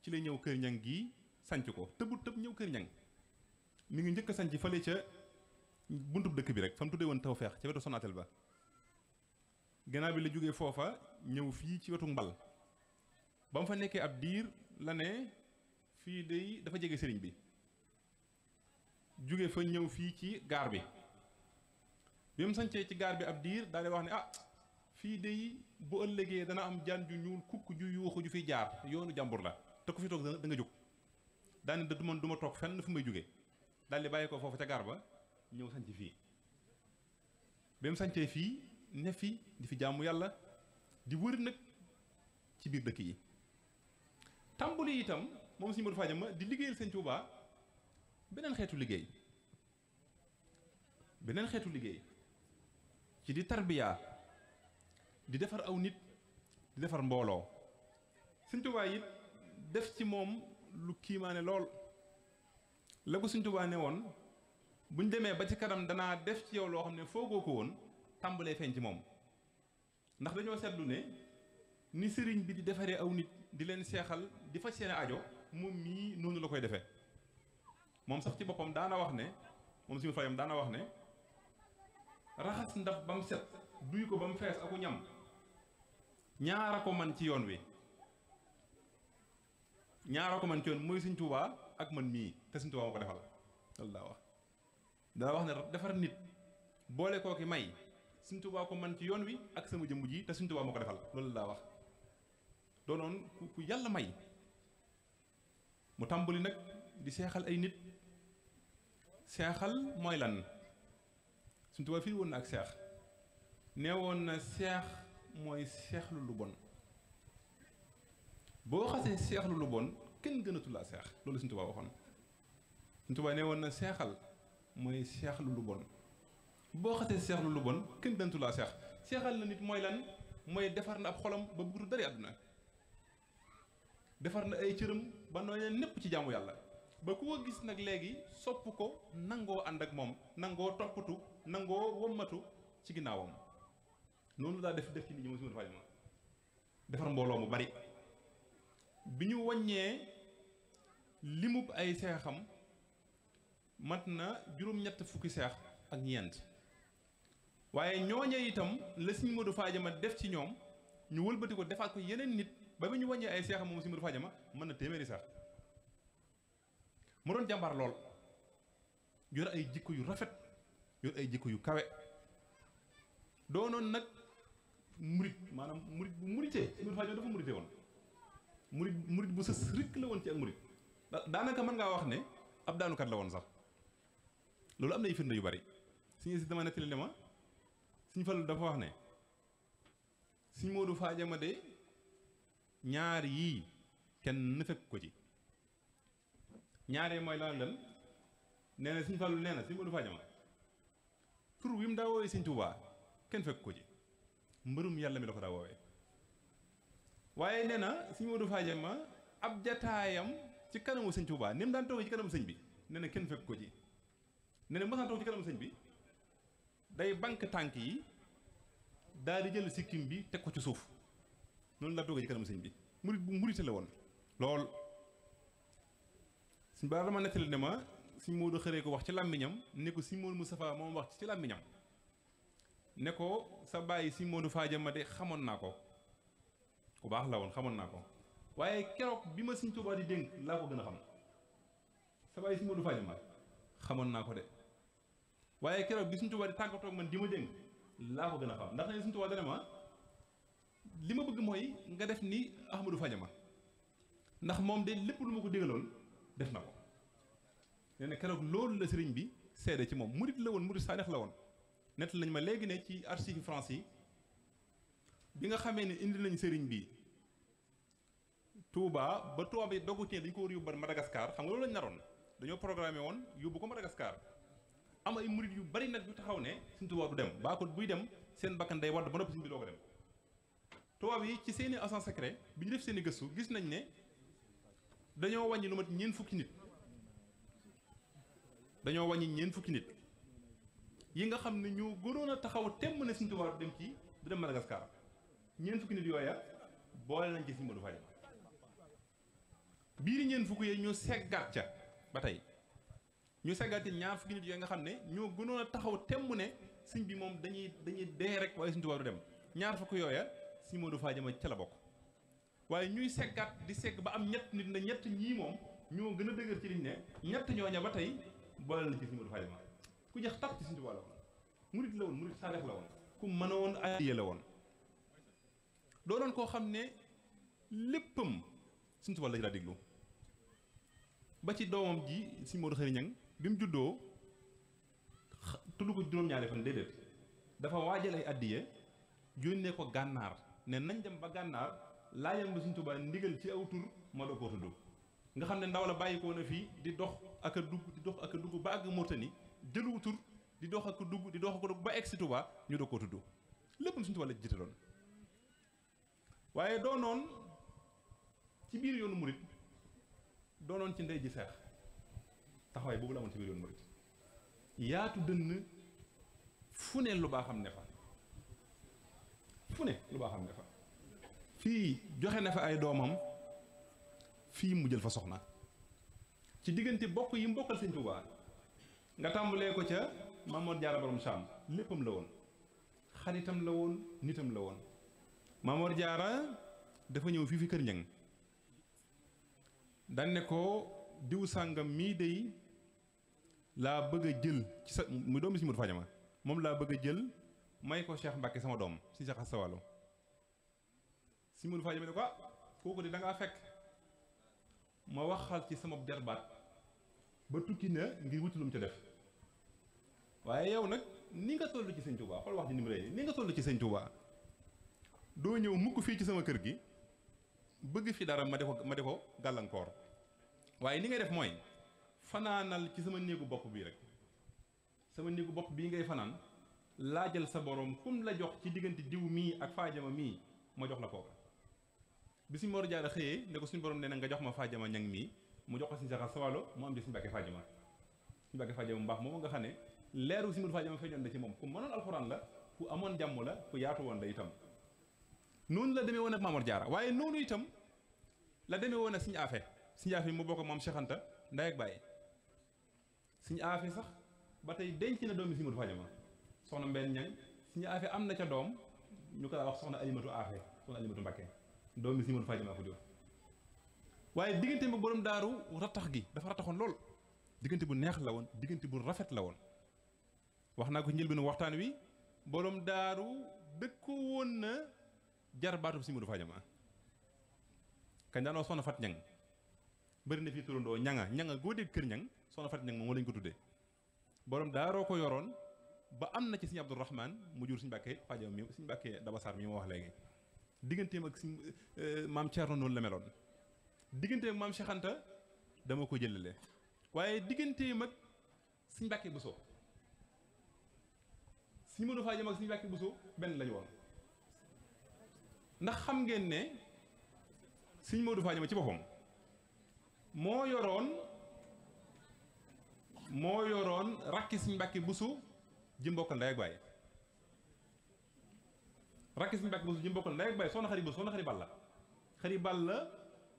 ci lay ñëw kër ñang gii sanc ko tëbu tëb ñëw kër ñang mi ngi njëkk a sanc fële ca buntub dëkk bi rek fa mu tuddee woon Tawfeex ca wetu Sonatel ba gannaaw bi la jógee foofa ñëw fii ci wetu mbal ba mu fa nekkee ab diir la ne fii day dafa jege sëriñ bi jóge fa ñëw fii ci gaar bi bi mu sancee ci gaar bi ab diir daal di wax ne ah fii day bu ëllëgee dana am jaan ju ñuul kukk ju yuuxu ju fiy jaar yoonu jàmbur la te ku fi toog da nga jóg daane da du toog fenn fu may jóge daal di bàyyi ko foofu ca gaar ba ñëw sanc fii ba mu fii ne fi di fi jaamu yàlla di wër nag ci biir dëkk yi tàmbali itam moom suñu Modou Fadiama di liggéeyal Sëñ Tuubaa beneen xeetu liggéey beneen xeetu liggéey ci di tarbiyaa di defar aw nit di defar mbolo Sëñ Tuubaa it def ci mom lu kiimaane lol la ko Sëñ Tuubaa ne woon buñ démé ba ci kanam dana def ci yow lo xamné fogo ko won tambalé fën ci mom ndax dañu sétlu ne ni sëriñ bi di défaré aw nit di len seexal di faj seen ajo moom mii noonu la koy défé mom sax ci bopam dana wax ne mom suñu fayam dana wax ne raxas ndab bam set duy ko bam fess aku ñam ñaara ko man ci yoon wi ñaara ko man ci yoon mooy Sëñ Tuubaa ak man mii te Sëñ Tuubaa moo ko defal loolu wax daa wax ne defar nit boole koo ki may Sëñ Tuubaa ko man ci yoon wi ak sama jëmbu ji te Sëñ Tuubaa moo ko defal loolu daa wax doonoon ku yàlla may mu tàmbali nag di seexal ay nit seexal mooy lan Sëñ Tuubaa fii woon na ak seex nee woon na seex mooy seexlu lu bon boo xasee seexlu lu bon kenn gënatu laa seex loolu Sëñ Tuubaa waxoon Sëñ Tuubaa nee woon na seexal mooy seexlu lu bon boo xasee seexlu lu bon kenn gënatu laa seex seexal na nit mooy lan mooy defar na ab xolam ba bëggatu dara àdduna defar na ay cëram ba nooy népp ci jaamu yàlla ba ku ko gis nag léegi sopp ko nangoo ànd ak moom nangoo toppatu nangoo wommatu ci ginnaawam noonu daa def def ci nit ñi moom si defar mbooloo mu bari bi ñu wàññee limub ay seexam mat na juróom-ñett fukki seex ak ñeent waaye ñooñee itam la Sëriñ Modou Fadiama def ci ñoom ñu wëlbati ko defaat ko yeneen nit ba bi ñu wàññee ay seexam moom Sëriñ Modou Fadiama mën na téeméeri sax mu doon jàmbaar lool yor ay jikko yu rafet yor ay jikko yu kawe doonoon nag murit maanaam murit bu muritee Ibra Fall ñoom dafa muritee woon murit murit bu sës rikk la woon ci ak murit daanaka mën ngaa wax ne ab daanukat la woon sax loolu am na ay firnde yu bari suñu si dama nettali ne suñu Fallu dafa wax ne suñu Moodu Faajama de ñaar yii kenn na fekk ko ci ñaaree mooy lan lan nee na suñu Fallu nee na suñu Moodu Faajama tur wi mu daa woowee Sëñ Tuubaa kenn fekk ko ci mbërum yàlla mi la ko daa woowee waaye nee na suñu Modou Fadiama ma ab jataayam ci kanamu sëñ Touba ni mu daan toogee ci kanamu sëñ bi nee na kenn fekk ko ci nee na mësaan sëñ bi day bank tànk yi daal di jël sikkim bi teg ko ci suuf noonu laa toogee ci kanamu sëñ bi murit bu murite la woon lool suñ baa dama nettali ne ma suñ Modou xëree ko wax ci làmmiñam ne ko suñ Modou Moustapha moom wax ci làmmiñam ne ko sa bàyyi si Modou Fadja ma de xamoon naa ko ku baax la woon xamoon naa ko waaye keroog bi ma Sëñ Tuubaa di dénk laa ko gën a xam sa bàyyi si Modou Fadja ma xamoon naa ko de waaye keroog bi Sëñ Tuubaa di tàggatoo ak man di ma dénk laa ko a ndax ne Sëñ Tuubaa ma li ma bëgg mooy nga def ni Ahmadou Fadja ma ndax moom de lépp lu ma ko dégaloon def na ko nee na keroog loolu la sëriñ bi seede ci moom mu murit la woon saa saadex la woon nett nañ ma léegi ne ci archives France yi bi nga xamee ne indi nañ sëriñ bi Touba ba Touba bi dogu ci dañ ko war a yóbbu Madagascar xam nga loolu lañ naroon dañoo programmé woon yóbbu ko Madagascar am ay murit yu bari nag yu taxaw ne suñ Touba du dem baa kon buy dem seen bakkan day wadd ba noppi suñ bi dem Touba bi ci seeni agent secret bi ñu def seeni gëstu gis nañ ne dañoo wàññi lu mat ñeent fukki nit dañoo wàññi ñeent fukki nit yi nga xam ñu ñoo gënoon taxaw temm na señtu war dem ci bu dem Madagascar ñeent fukki nit yoya boole nañ ci Sëriñ Modou fay biir ñeent fukki ye ñu seggaat ca batay ñu seggaat ñaar fukki nit yooyu nga xamne ne ñoo gënoon taxaw temm ne señ bi mom dañuy dañuy dé rek way Sëriñ Tuubaa dem ñaar fukki yooya Sëriñ Modou Fadel ma ci la bok waaye ñuy seggaat di ségg ba am ñet nit na ñet ñi mom ñoo gëna dëgër ci liñ ne ñet ñooña ba tey boole nañ ci Sëriñ Modou Fadel ma ku jeex tàkk ci Sëriñ Tuubaa la woon murit la woon murit saadex la woon ku mën a woon addiye la woon doonoon koo xam ne léppam Sëriñ Tuubaa la daa déglu ba ci doomam ji si Modou Khary Niang bi mu juddoo tudd ko juróom-ñaari fan déedéet dafa waajal ay addiye yónnee ko gànnaar ne nañ dem ba gànnaar laajal ma Sëriñ Tuubaa ndigal ci aw tur ma doo ko tudd nga xam ne ndaw la bàyyi ko fii di dox ak dugg di dox ak a dugg ba àgg Mauritanie jëluwu tur di dox ak dugg di dox ak ko dugg ba egg si Tuubaa ñu doog koo tudd lépp suñu Tuubaa la jiitaloon waaye doonoon ci biir yoonu murit doonoon ci ndey ji seex taxawaay boobu la amoon ci biir yoonu murit yaatu dënn fu ne lu baaxam am ne fa fu ne lu baax am ne fa fii joxe na fa ay doomam fii mu jël fa soxna ci diggante bokk yi mu bokkal sëñ Tuubaa nga tàmbalee ko ca Mamoor Jaara boroom Saam léppam la woon xaritam la woon nitam la woon Mamoor Jaara dafa ñëw fii fi kër ñang daan ne ko diw sàngam mii dey laa bëgg a jël ci sa mu doom si mut moom laa bëgg a jël may ko Cheikh Mbacke sama doom si sa xas sa wàllu si mut fajama ne ko ah kooku de da fekk ma waxal ci sama jarbaat ba tukki na ngir wuti lu mu ca def waaye yow nag ni nga toll ci sëñ Touba xool wax ji ni mu rëy ni nga toll ci sëñ Touba doo ñëw mukk fii ci sama kër gi bëgg fi dara ma di ko ma di ko gàllankoor waaye ni nga def mooy fanaanal ci sama néegu bopp bii rek sama néegu bopp bii ngay fanaan laajal sa borom kum la jox ci diggante diw mii ak faajama mii ma jox la kooka bi suñ Mor Jaara xëyee ne ko suñu borom nee na nga jox ma faajama ñang mii mu jox ko suñu saxal sawalo mu am ci suñu bàkke fajima suñu bàkke fajima mbaax moom nga xam ne leeru suñu fajima feeñoon na ci moom ku mënoon alxuraan la ku amoon jàmm la ku yaatu woon la itam noonu la demee woon ak Maamor Jaara waaye noonu itam la demee woon ak suñu aafe suñu aafe mu bokk moom Cheikh Anta nday ak sax ba tey denc na doomi suñu fajima soxna mbenn ñang suñu aafe am na ca doom ñu ko daa wax soxna alimatu aafe soxna alimatu Mbàkke doomi suñu fajima ko jur waaye diggante ba boroom daaru rattax gi dafa rattaxoon lool diggante bu neex la woon diggante bu rafet la woon wax naa ko njëlbéenu waxtaan wi borom daaru dëkkoo woon na jarbaatu si Modou Fadiama kañ daan wax soxna Fat Ñang bëri na fii turandoo ñanga ñanga goo dégg kër ñang soxna Fat Ñang moom moo lañ ko tuddee boroom daaroo ko yoroon ba am na ci sëñ Abdou Rahman mu jur suñu Mbàkke Fadiama mi suñu Mbàkke Daba Sarr mi ma wax léegi digganteem ak suñ euh, maam Thierno noonu la meloon. diggante ak maam Cheikh dama ko jëlale waaye diggante mag suñ Mbàkke Buso suñ Modou Fadio mag suñ Mbàkke Buso benn lañu woon ndax xam ngeen ne suñ Modou Fadio ci boppam moo yoroon moo yoroon rakki suñ Mbàkke Buso ji mbokkal ndey ak baay rakki suñ Mbàkke Buso ji mbokkal ndey ak baay soxna xari Buso soxna xari Balla xari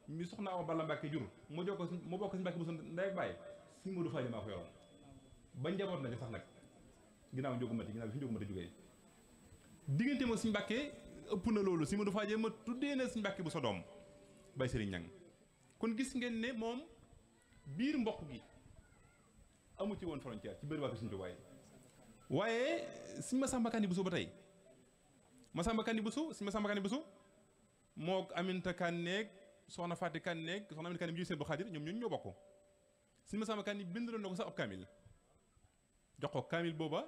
mi soxna Awa Balla Mbàkke jur mu jokko mu bokk si Mbàkke bu sant ndey ak bàyyi si Modou Fadi maa ko yoroon ba njaboot na ginnaaw njógumati ginnaaw bi fi njógumati jógee ma suñ Mbàkke ëpp na loolu si Modou Fadi ma tuddee na suñ Mbàkke bu sa doom bay gis ngeen ne moom biir mbokk gi amu woon frontière ci bëri waa suñu tubaay waaye suñ Masamba Kandi Bousso ba tey Masamba Aminta Kan soxna fàtte Kan nekk soxna Amin Kan mi seen bu xaadir ñoom ñun ñoo bokk sëñ Masamba Kan bindaloon na ko sax ab kaamil jox ko kaamil booba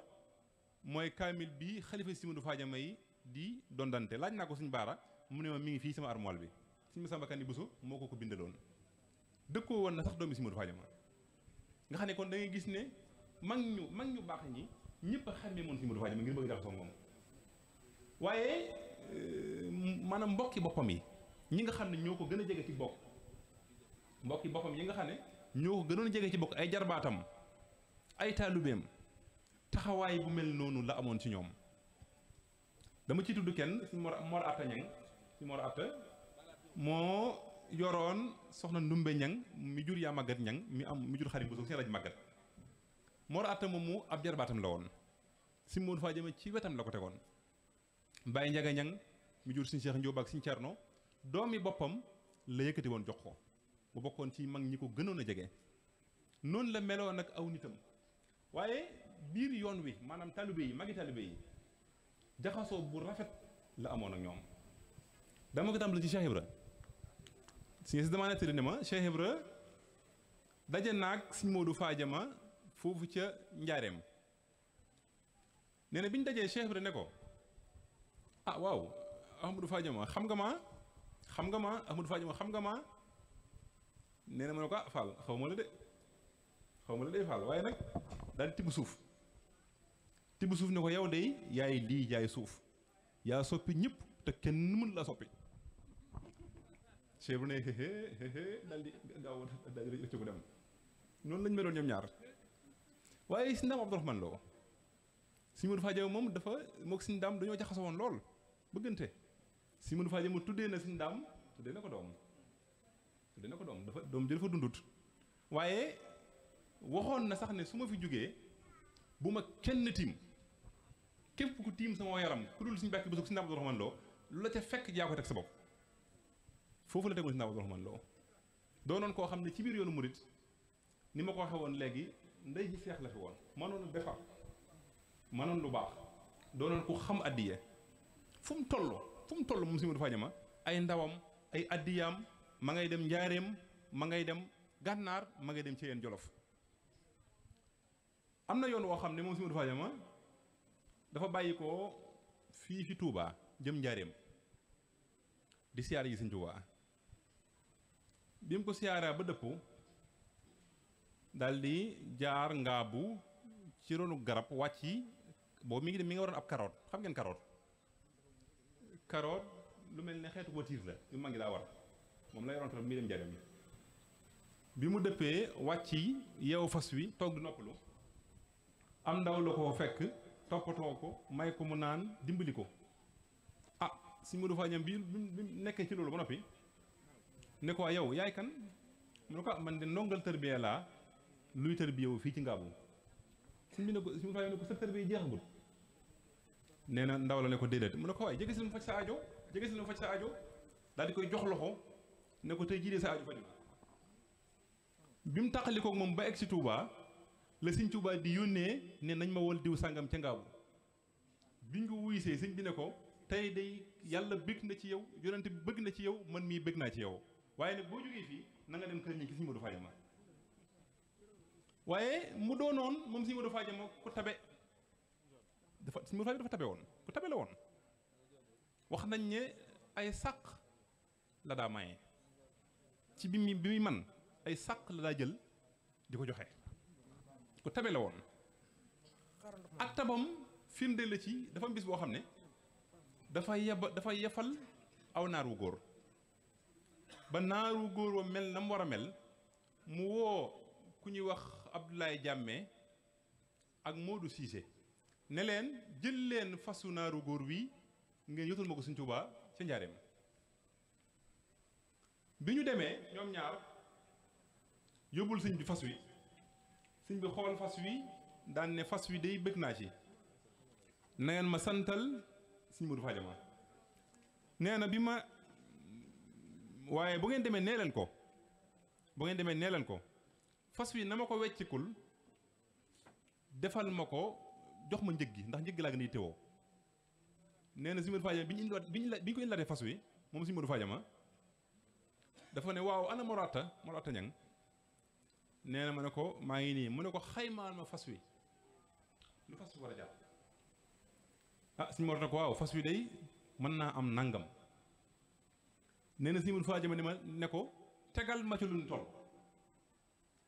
mooy kaamil bi xalifa si Madu Faaja May di dondante laaj naa ko suñ baara mu ne ma mi ngi fii sama armoire bi sëñ Masamba Kan Buso moo ko ko bindaloon dëkkoo woon na sax doomi si Madu Faaja ma nga xam ne kon da gis ne mag ñu mag ñu baax ñi ñëpp a xàmmee moom si Madu Faaja ma ngir bëgg jaxasoo moom euh, maanaam mbokki boppam yi ñi nga xam ne ñoo ko gën a jege ci bokk mbokki boppam yi nga xam ne ñoo ko gënoon jege ci bokk ay jarbaatam ay taalubeem taxawaay bu mel noonu la amoon ci ñoom dama ci tudd kenn si Mor Mor Atta Ñang moo yoroon soxna Ndumbe Ñang mi jur yaa màggat Ñang mi am mi jur xarit bu soog seen raj màggat Mor Atta moomu ab jarbaatam la woon si Modou Fadiama ci wetam la ko tegoon Baye Ndiaga Ñang mi jur suñu Cheikh Ndiob ak suñu doom yi boppam la yëkkati woon jox ko mu bokkoon ci mag ñi ko gënoon a jege noonu la meloon ak aw nitam waaye biir yoon wi maanaam talibe yi magi talibe yi jaxasoo bu rafet la amoon ak ñoom dama ko tàmbali ci Cheikh Ibra si si dama nettali ne ma Cheikh Ibra daje naag si Moodu ma foofu ca njaareem nee na bi ñu dajee Cheikh Ibra ne ko ah waaw Ahmadou Faajama xam nga ma xam nga ma Amadou Fadji ma xam nga ma nee na ma ne ko ah Fall xaw ma la de xaw ma la de Fall waaye nag daal tibb suuf tibb suuf ne ko yow de yaay lii jaay suuf yaa soppi ñëpp te kenn mën laa soppi. chef bu ne daal di gaaw daal di rëcc ko dem noonu lañ meloon ñoom ñaar waaye si ndam Abdourahmane Lo si Modou Fadji moom dafa moog si ndam dañoo jaxasoo woon lool bëggante. si mënu faa jëma tuddee na suñ ndaam tuddee na ko doom tuddee na ko doom dafa doom ji dafa dundut waaye waxoon na sax ne su ma fi jógee bu ma kenn tiim képp ku tiim sama yaram ku dul suñu bàkki bu suñu Abdourahmane Lo lu la fekk yaa sa bopp la tegul suñu doonoon koo xam ne ci biir yoonu murit ni ma ko waxee woon léegi ndey ji seex la fi woon manoon defar manoon lu baax doonoon ku xam addiye fu mu fum tollu toll moom si ay ndawam ay adiyam ma ngay dem ndiarem ma ngay dem gannar ma ngay dem ci yeen jolof Amna yon yoon woo xam ne moom dafa bayiko fi fi Touba dem ndiarem di siyaare yi Sëñ Touba bim ko siara ba deppu daldi jaar ngabu ci ronu garab wàcc bo mi ngi mi ngi waron ab carotte xam ngeen carotte carotte lu mel ni xeetu watiir la yu mag ngi daa war moom lay rontal mi dem njariñ bi mu dëppee wàcc yi yeewu fas wi toog di noppalu am ndaw la ko fekk toppatoo ko may ko mu naan dimbali ko ah si mu du fa ñam bi bi nekkee ci loolu ba noppi ne ko yow yaay kan mu ne ko ah, man de ndongal tërbiyee laa luy tërbiyewu fii ci ngaabu si mu ne ko a mu fa ne ko sa tërbiyee jeexagul nee na ndaw la ne ko déedéet mu ne ko waaye jege si lu mu faj sa aajo jege si lu mu faj sa aajo daal di koy jox loxo ne ko tey jii sa aajo mu tàqalikoog moom ba egg si la sëñ Touba di yónnee ne nañ ma wal diw sàngam ca ngaabu biñ ko wuyisee sëñ bi ne ko tey day yàlla bëgg na ci yow yonent bi bëgg na ci yow man mii bëgg naa ci yow waaye nag boo jógee fii na nga dem kër ñi ki sëñ Modou Fadiama waaye mu doonoon moom sëñ Modou Fadiama ku tabe dafa suñu Moussa bi dafa tabe woon ku tabe la woon wax nañ ne ay sàq la daa maye ci bi muy bi muy man ay sàq la daa jël di ko joxe ku tabe la woon ak tabam firnde la ci dafa am bis boo xam ne dafa yeba dafa yefal aw naaru góor ba naaru góor wa mel na mu war a mel mu woo ku ñuy wax Abdoulaye Jàmme ak Modou Cissé ne leen jël leen fas fasu naaru góor wi ngeen yotul ma ko Sëñ Tuubaa ca njaareem bi ñu demee ñoom ñaar yóbbul suñ bi fas wi sëñ bi xool fas wi daan fas wi day bëgg naa ci na ma santal sëñ Moodu Fajama nee na bi ma waaye bu ngeen demee nee leen ko bu ngeen demee nee leen ko fas wi na ma ko weccekul defal ma ko jox ma njëg gi ndax njëg gi laa gën a teewoo nee na si Modou Fadiama bi ñu indiwaat bi ñu la ko indilaatee fas wi moom si Modou Fadiama dafa ne waaw ana Morata Morata ñang nee na ma ne ko maa ngi nii mu ne ko xaymaal ma fas wi lu fas wi war a jàpp ah suñu Morata ko waaw fas wi day mën naa am nangam nee na si Modou Fadiama ne ma ne ko tegal ma ci lu ñu toll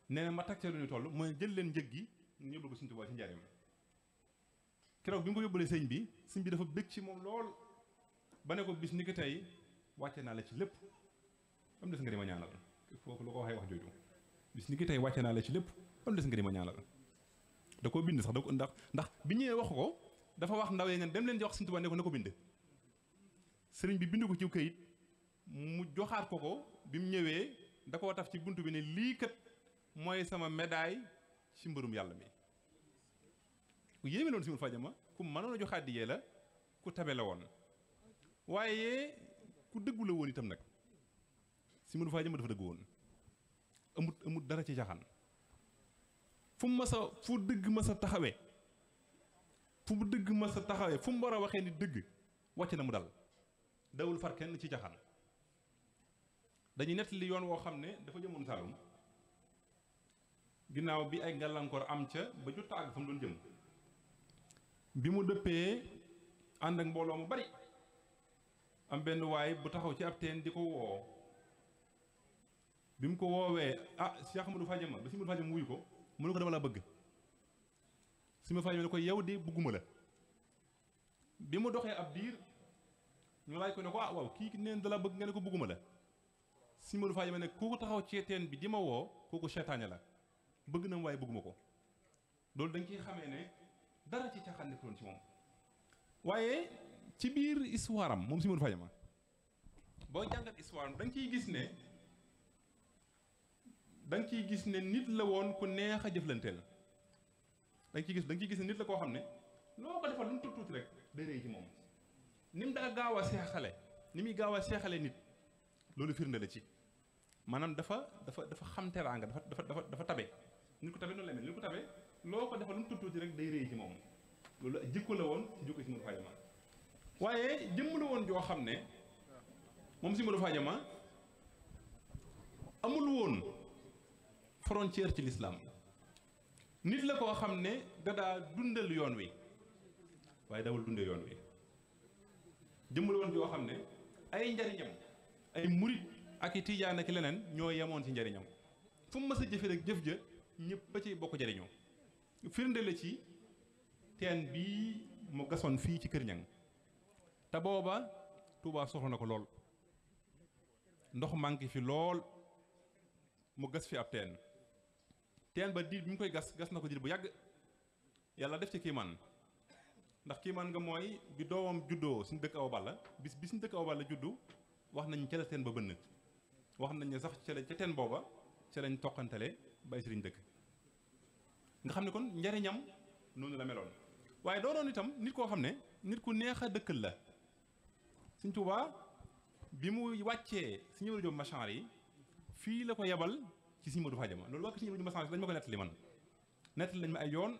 nee ma tag ca lu ñu toll mooy jël leen njëg gi ñu yóbbul ko suñu tubaab ci njaareem keroog bi mu ko yóbbalee sëñ bi sëñ bi dafa bég ci moom lool ba ne ko bis ni ko tey wàcce naa la ci lépp ba des nga di ma ñaanal foofu lu ko waxee wax bis ni tey wàcce naa la ci lépp des nga di da koo bind sax da ko ndax bi ñëwee wax ko dafa wax ndaw yee ngeen dem leen jox sëñ Tuubaa ne ko na ko bind sëriñ bi bind ko ci këyit mu joxaat ko ko bi mu ñëwee da koo taf ci bunt bi ni lii kat mooy sama médaille ci mbërum yàlla mi ku yéeme loon si mun fajama ku mënoon a jox àddiyee la ku tabele woon waaye ku dëggu woon itam nag si mun fajama dafa dëggu woon amut amut dara ci jaxan fu mu mas fu dëgg mas a taxawee fu mu dëgg mas a taxawee fu mu war a waxe ni dëgg wàcc na mu dal dawul far kenn ci jaxan dañuy nettali yoon woo xam ne dafa jëmoon Saalum ginnaaw bi ay ngàllankoor am ca ba jot a àgg fa mu doon jëm bi mu dëppee ànd ak mbooloo mu bari am benn waay bu taxaw ci ab teen di ko woo bi mu ko woowee ah Cheikh Amadou Fadiama ba si Amadou Fadiama wuyu ko mu ne ko dama la bëgg si Amadou Fadiama ne ko yow di bëgguma la bi mu doxee ab diir ñu laaj ko ne ko ah waaw kii neen da bëgg nga ne ko bëgguma la si Amadou Fadiama ne kooku taxaw ci teen bi di ma woo kooku seytaane la bëgg na mu waaye bëgguma ko loolu dañ ki xamee ne dara ci caaxaan nekkuloon ci moom waaye ci biir histoire moom si Modou ma boo jàngat histoire am ciy gis ne da ciy gis ne nit la woon ku neex a jëflanteel da nga ciy gis da gis ne la koo xam ne loo ko defal lu mu tuuti tuuti rek day rëy ci moom ni mu daa gaaw a seexale ni muy gaaw a seexale nit loolu firnde la ci maanaam dafa dafa dafa xam teraanga dafa dafa dafa dafa tabe nit ko tabe noonu la mel nit ko tabe loo ko defal lu mu tuuti rek day réy ci moom loolu jikko la woon ci jikko si Modou Fadiama waaye jëmm la woon joo xam ne moom si Modou Fadiama amul woon frontière ci lislaam nit la koo xam ne dadaa dundal yoon wi waaye dawul dundee yoon wi jëmm la woon joo xam ne ay njariñam ay murit ak i tiijaan ak leneen ñoo yemoon ci njariñam fu mu mës a jëfe rek jëf ja ñëpp ba ciy bokk jariñoo firnde la ci teen bi mo gasoon fi ci Kër Ñang ta boba Touba soxna ko lol ndox manki fi lol mo gas fi ab teen teen ba diir bi mu koy gas gas nako ko bu yag yalla def ci man ndax man nga moy bi doom juddo sun dekk aw balla bis bis suñu dëkk aw balla juddu wax nañ ci la teen ba bënn wax nañ ne sax ci la ci boba ci lañ bay sëriñ dekk nga xamne kon njariñam nonu la meloon do doonoon itam nit ko xamne nit ku neexa a la seigne touba bi mu wacce seigne ñëwal jom yi fi la ko yabal ci seigne modou fadjama lolou wax seigne ñëwal jom machanr yi dañ ma ko nettali man nettali lañ ma ay yoon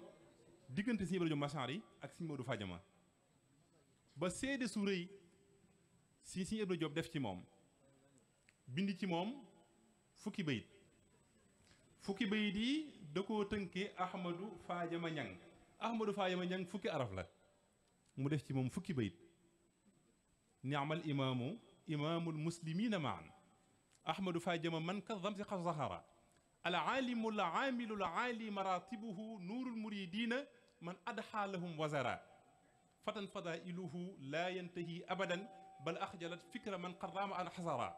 digënté seigne ñëwal jom yi ak seigne modou fadjama ba sédé sou reuy si Sëñ Ibra job def ci mom bindi ci mom fukki beuy fukki beuy di da koo tënkee ahmadou faajama ñang ahmadou faajama ñang fukki araf la mu def ci moom fukki bayit niamal imamu imamul muslimina maan ahmadou faajama man kadam si xas al aalimu l aamilu l aali maratibuhu nuurul muridina man adxa wazara fatan fadailuhu laa yantahi abadan bal axjalat fikra man qaraama an xasara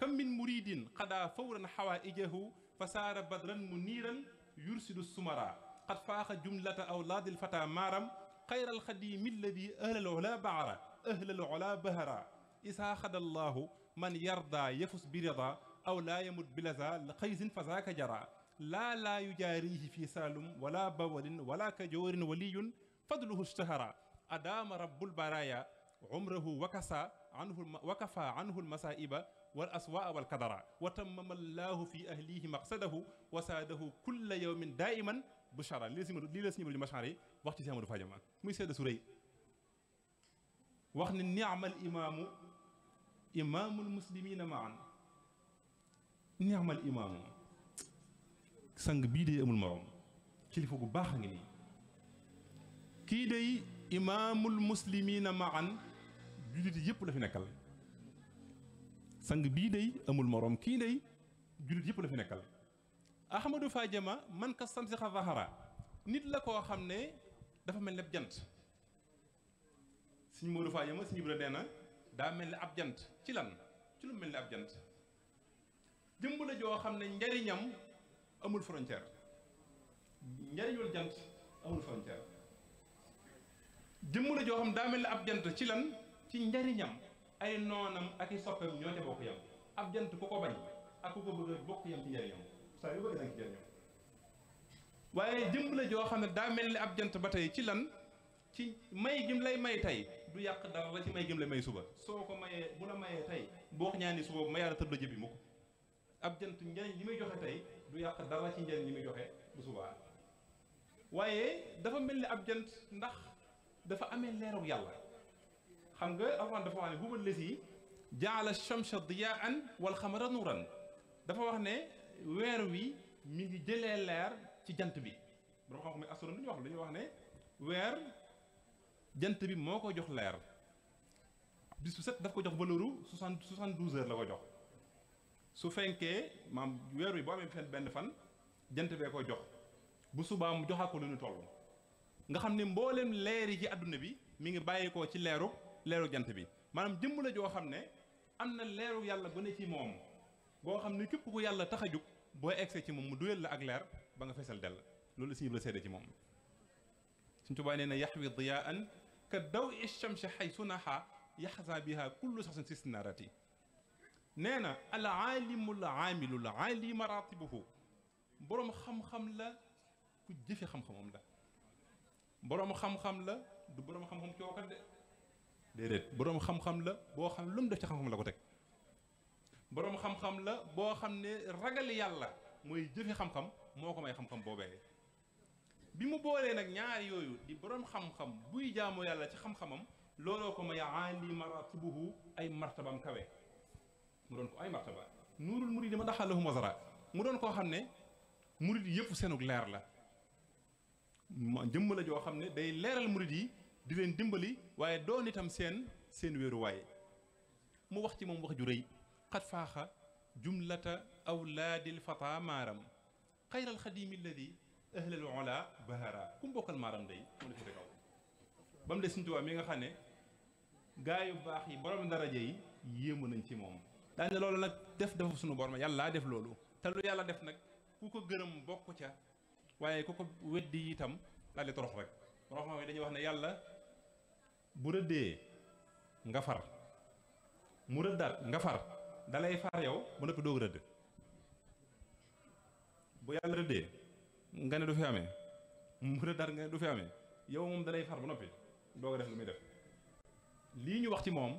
kam min muridin qadaa fawran xawaijahu فسار بدرا منيرا يرسل السمراء قد فاق جملة أولاد الفتى مارم خير الخديم الذي أهل العلا بعرا أهل العلا بهرا إذا خد الله من يرضى يفس برضا أو لا يمد بلزا لقيز فذاك جرى لا لا يجاريه في سالم ولا بول ولا كجور ولي فضله اشتهر أدام رب البرايا عمره وكسى عنه وكفى عنه المسائب والأسواء والكدراء وتمم الله في أهله مقصده وساده كل يوم دائما بشرى لازم لازم لما شعري وقت سامو دفاع جماعة مي سيد سوري وقت النعم الإمام إمام المسلمين معا نعم الإمام سانغ بيدي أم المرم كيف هو باخني كيدي إمام المسلمين معا جديد يبلغ في نكال sang bi day amul morom ki day julit yep la fi nekkal ahmadou fadiama man ka samsixa zahara nit la ko xamne dafa mel ab jant seigne modou fadiama seigne ibra nee da daa ab jant ci lan ci lu mel ab jant jëmb la jo xamne ne amul frontière njariñul jant amul frontière jëmm la jo xam da mel ab jant ci lan ci njariñam ay noonam ak i soppeem ñoo te bokk yam ab jant ku ko bañ ak ku ko bëgg bokk yam ci njëriñam saa yu a na ci njëriñam waaye jëmb la joo xam ne daa mel ni ab jant ba tey ci lan ci may gim lay may tey du yàq dara la ci may gim lay may suba soo ko mayee bu la tey boo ko ñaani suba bu ma yàlla mu ab jant njëriñ li muy joxe tey du yàq dara ci njëriñ li muy joxe bu subaa waaye dafa mel ni ab jant ndax dafa amee leeru yàlla xam nga alxuraan dafa wax ne huwa allazi jaala shamsa diyaan wal xamara nuuran dafa wax ne weer wi mi ngi jëlee leer ci jant bi borom xam ne astronome lu ñu wax lu ñu wax ne weer jant bi moo ko jox leer bis bu set daf ko jox valeuru soixante soixante douze heures la ko jox su fenkee maam weer wi boo amee fen benn fan jant bee ko jox bu subaa mu joxaat ko lu ñu toll nga xam ne mbooleem leer yi ci àdduna bi mi ngi bàyyi ko ci leeru leeru jant bi manam dimbu la jo xamne amna leeru yàlla gu ne ci mom goo xamne kep képp ku yàlla taxajuk bo exé ci mom mu duyel la ak leer ba nga fessel del lolu si sédé ci mom suñ tuba ne na yahwi dhiya'an ka daw'i ishamsi xay sunaha yahza biha kullu shakhsin si nena al na al aalimu al ali maratibuhu borom xam-xam la ku jëfe mom la borom xam-xam la du borom xam-xam cookat de dedet borom xam-xam la bo xam lu mu def ci xam-xam la ko tek borom xam-xam la bo xam ne ragal yàlla moy jëfe xam-xam moko may xam-xam bobé bi mu bolé nak ñaar yoyu di borom xam-xam buy jaamu yàlla ci xam-xamam lolo ko may aali maratibuhu ay martabam kawe mu don ko ay martaba nurul murid ma daxalahum wasara mu don ko xamne murid yëpp senuk leer la jëmm la jo xamne day léral murid yi di len dimbali do nitam itam sen wëru waye mu wax ci mom wax ju rëy xat faaxa jumlata fatamaram fata al khadim alladhi alladi al ula bahara kum bokal maram day mo ne féete kaw ba mu des Sëñ mi nga xane gaay yu bax yi borom daraja yi yéemu nañ ci mom daañ ne lolu nak def dafa sunu borom yàlla def lolu te lu yàlla def nak ku ko gërëm bokku ca waye ku ko weddi itam dal li torox rek torox mooy dañuy wax ne yàlla bu rëddee nga far mu rëddaat nga far dalay far yow ba noppi doog rëdd bu yàlla rëddee nga ne du fi amee mu rëddaat nga ne du fi amee yow moom dalay far ba noppi doog a def lu muy def lii ñu wax ci moom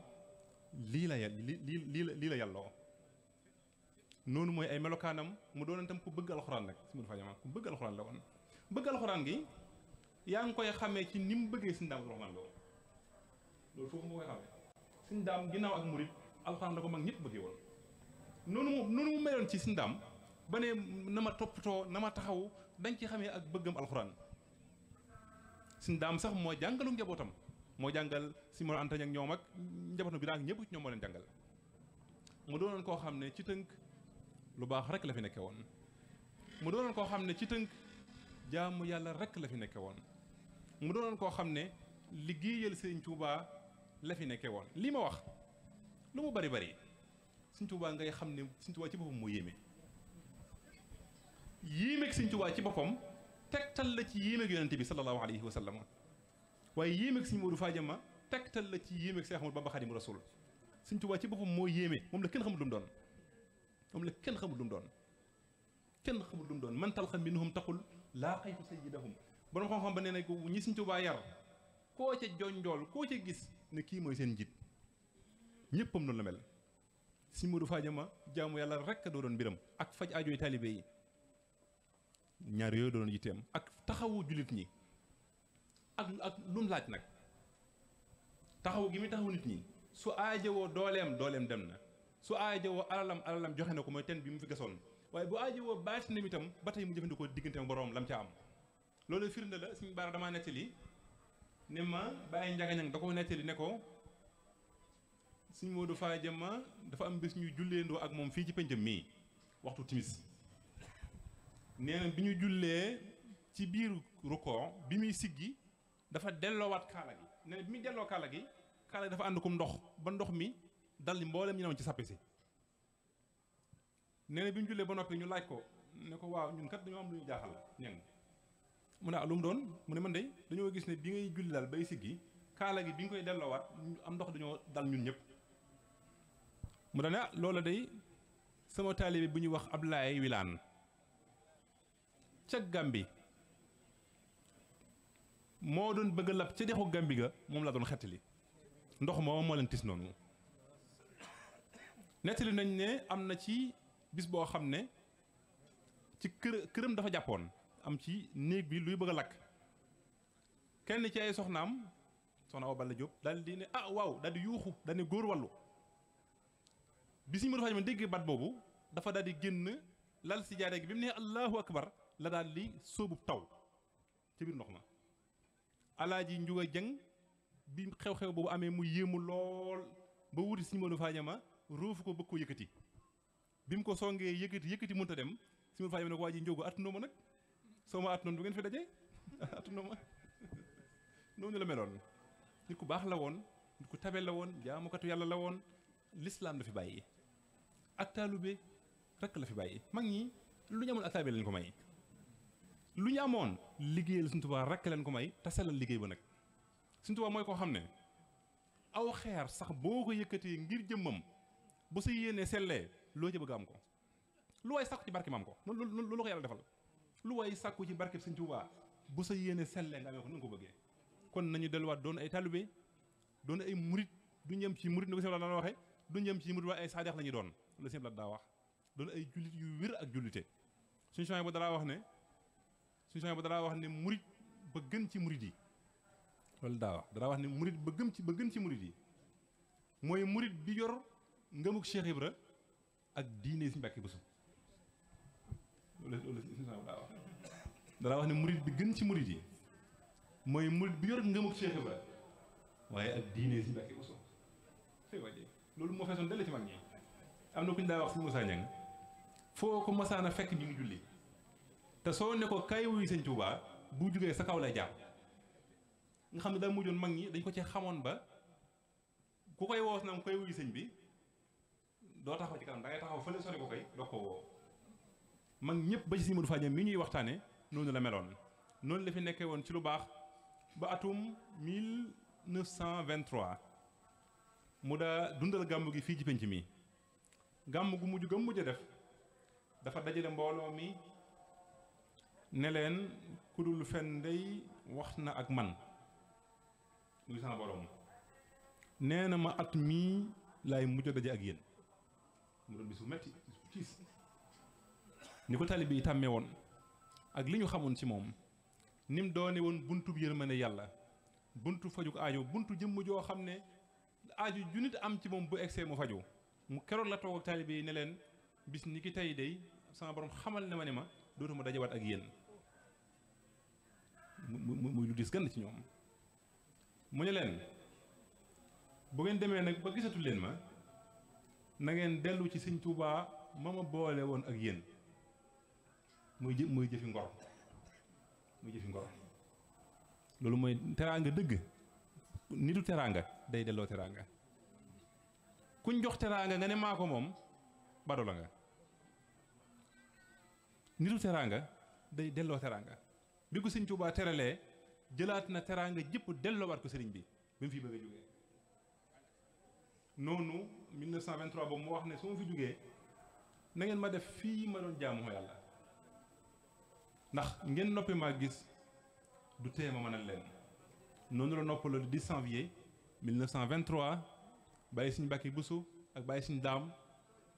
lii la yàlla lii lii lii la yàlloo noonu mooy ay melokaanam mu doon tam ku bëgg alxuraan nag su mu dafa ñamaan ku bëgg alxuraan la woon bëgg alxuraan gi yaa ngi koy xamee ci ni mu bëggee si ndam Rahmaan la woon loolu foofu nga koy xamee suñ daam ginnaaw ak murit alxuraan la ko mag ñëpp bëggee woon noonu mu noonu mu meloon ci suñ daam ba ne na ma toppatoo na ma taxaw dañ ci xamee ak bëggam alxuraan suñ daam sax moo jàngalu njabootam moo jàngal si ma antañ ak ñoom ak njabootam bi daal ñëpp ci ñoom moo leen jàngal mu doonoon koo xam ne ci tënk lu baax rek la fi nekke woon mu doonoon koo xam ne ci tënk jaamu yàlla rek la fi nekke woon mu doonoon koo xam ne liggéeyal Sëriñ Tuubaa la fi nekkee woon li ma wax lu mu bari bari Sëñ Tuubaa ngay xam ne Sëñ Tuubaa ci boppam moo yéeme yéemeeg Sëñ Tuubaa ci boppam tegtal la ci yéemeeg yonente bi sallallahu alayhi wa sallam waaye yéemeeg Sëñ Moodu Faajama tegtal la ci yéemeeg Seex Ahmadu Bamba Xaadimu Rasuul Sëñ Tuubaa ci boppam moo yéeme moom la kenn xamul lu mu doon moom la kenn xamul lu mu doon kenn xamul lu mu doon man talqa minhum taqul laa xaytu sayyidahum borom xam-xam ba nee na ko ñi Sëñ Tuubaa yar koo ca jonjool koo ca gis ne kii mooy seen njiit ñëppam noonu la mel si Modou Fadiama jaamu yàlla rek doo doon mbiram ak faj aajoy taalibe yi ñaar yooyu doon yitteem ak taxawu jullit ñi ak ak lum laaj nag taxawu gi muy taxawu nit ñi su aajowoo dooleem dooleem dem na su aajowoo alalam alalam joxe na ko mooy ten bi mu fi gasoon waaye bu aajowoo baatinam itam ba tey mu jëfandikoo digganteem boroom lam ca am loolu firnde la suñu baara damaa nettali ne ma bàyyi njagañang da ko nettali ne ko suñ Modou Faa Jëmma dafa am bis ñuy julleendoo ak moom fii ci péncam mii waxtu timis nee na bi ñu jullee ci biir rukkoo bi muy siggi dafa delloowaat kaala gi nee bi muy delloo kaala gi kaala gi dafa ànd kum ndox ba ndox mi dal li mboolem ci sappe si nee bi mu jullee ba noppi ñu laaj ko ne ko waaw ñun kat dañoo am lu ñu jaaxal ñeng mu ne ah lu mu doon mu ne man de dañoo gis ne bi ngay julli daal bay siggi kaala gi bi nga koy delloowaat am ndox dañoo dal ñun ñëpp mu daan ah loola day sama taalibe bu ñuy wax Ablaye Wilane ca Gàmbi moo doon bëgg lab ca dexu Gàmbi ga moom laa doon xettali ndox moom moo leen tis noonu nettali nañ ne am na ci bis boo xam ne ci kër këram dafa jàppoon am ci néeg bi luy bëgg a lakk kenn ci ay soxnaam soxna Awa Balla Diop daal di ne ah waaw daal yuuxu daal góor wàllu bi si ma Fadima dégg bat boobu dafa daal di génn si jaaree gi bi mu la daal di sóobub taw ci ndox ma alaaji njuga jëng bi xew-xew boobu amee mu yéemu lool ba wuti si Modou Fadima ruufu ko bëgg ko yëkkati bi mu ko songee yëkkati yëkkati mënut a dem si Modou Fadima ne ko waa ji njóogu at ndooma nag soo ma at noonu du ngeen fi dajee atuna ma noonu la meloon nit ku baax la woon nit ku tabe la woon jaamukatu yàlla la woon lislaam la fi bàyyi ak bi rekk la fi bàyyi mag ñi lu ñu amoon ak lañ ko may lu ñu amoon liggéeyal Sëñ Tuubaa rekk lañ ko may te sellal liggéey ba nag Sëñ Tuubaa mooy koo xam ne aw xeer sax boo ko yëkkatee ngir jëmmam bu sa yéenee sellee loo ci am ko lu waay sàkku ci barke maam ko loolu loolu la ko yàlla defal lu way sàkku ci barkeb sëñ Tuubaa bu sa yéene selle nga amee ko ni nga ko bëggee kon nañu delluwaat doon ay talibé doon ay murit du ñëm ci murit ni ko sëñ daan waxee du ñëm ci murit waaye ay saadeex la ñuy doon la sëñ daa ay jullit yu wér ak jullite suñu changé ba dalaa wax ne suñu changé ba dalaa wax ne murit ba gën ci murit yi loolu daa wax dara wax ne murit ba gëm ci ba gën ci murit yi mooy murit bi yor ngëmuk Cheikh Ibra ak diine Sëñ Mbàkke Buso loolu la wax ne murit bi gën ci murit yi mooy murit bi yor ngëmug Cheikh Ibra waaye ak diine si Mbàkke Bousso fay wàjje loolu moo feesoon dale ci mag ñi am na ku ñu daa wax si Moussa Niang foo ko masaana fekk ñu ngi julli te soo nekkoo ko kay wuy sëñ Tuubaa bu jugee sa kaw lay jàpp nga xam ne daa mujjoon mag ñi dañ ko ci xamoon ba ku koy woos na koy wuy sëñ bi doo taxaw ci kanam da ngay taxaw fële sori ko koy doo ko woo mag ñëpp ba ci Sëriñ Modou Fadia mi ñuy waxtaane noonu la meloon noonu la fi nekkee woon ci lu baax ba atum 1923 mu daa dundal gàmmu gi fii ci pénc mi gàmm gu mujj gëm mujj def dafa dajale mbooloo mi ne leen ku dul fen ndey wax na ak man muy sama borom nee na ma at mii lay mujj daje ak yéen ni ko talibe yi tàmmee woon ak li ñu xamoon ci moom ni mu doone woon buntu ma yërmande yàlla buntu fajuk aajo buntu jëmm joo xam ne aajo ju nit am ci moom bu egsee mu faju mu keroog la toog ak talibe yi ne leen bis ni ki tey day sama borom xamal ne ma ne ma dootuma dajawaat ak yéen muy lu dis ci ñoom mu ne leen bu ngeen demee nag ba gisatu leen ma na ngeen dellu ci sëñ Tuubaa ma ma boole woon ak yéen muy jë muy jëfi ngor muy jëfi ngor loolu mooy teraanga dëgg nitu teraanga day delloo teraanga kuñ jox teraanga nga ne maa ko moom bado la nga nitu teraanga day delloo teraanga bi ko sëñ Tuubaa teralee jëlaat na teraanga jëpp delloowaat ko sëriñ bi ba mu fi bëgg a jógee noonu 1923 boobu mu wax ne su ma fi jógee na ngeen ma def fii ma doon jaamu yàlla ndax ngeen noppi maa gis du tee ma mënal leen noonu la di noppaloo le 10 janvier 1923 bàyyi suñu Mbàkke Buso ak bàyyi suñu daam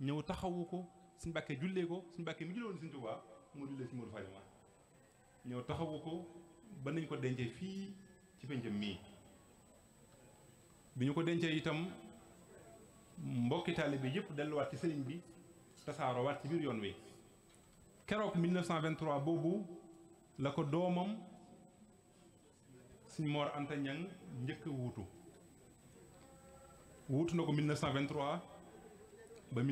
ñëw taxawu ko suñu Mbàkke jullee ko suñu Mbàkke mi julloon suñu Tuubaa moo jullee si Moodu Fadima ñëw taxawu ko ba nañ ko dencee fii ci pencam mii bi ñu ko dencee itam mbokki taalibe bi yëpp delluwaat ci sëriñ bi waat ci biir yoon wi keroog 1923 boobu la ko doomam Sëñ Mor Anta Niang njëkk wuutu wuutu na ko 1923 ba 1926.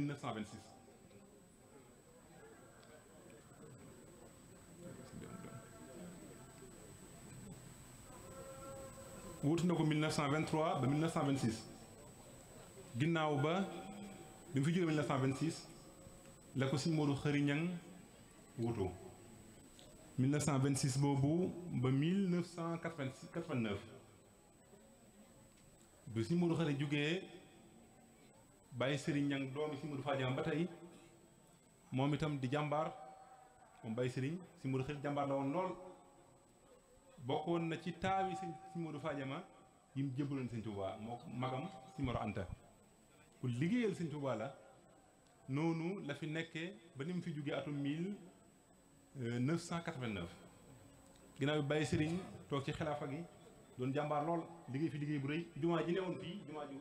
wuutu na ko 1923 ba 1926 ginnaaw ba bi mu fi jógee 1926 la ko Sëñ Moodu Xëri vingt 1926 boobu ba 1989 bi si Modou Khary jógee bàyyi Serigne Niang doomi si Modou Fadiama ba tey moom itam di jàmbar moom bàyyi Serigne si Modou Khary jàmbaar la woon lool bokkoon na ci taawi si si Modou Fadiama yi mu jëbbaloon Sëñ Tuubaa moo magam si Mor Anta ku liggéeyal Sëñ Tuubaa la noonu la fi nekkee ba ni mu fi jógee atum mil 989 euh, ginnaaw bi bàyyi sëriñ toog ci xilaafa gi doon jàmbaar lool liggéey fi liggéey bu rëy jumaa ji newoon fii jumaa ju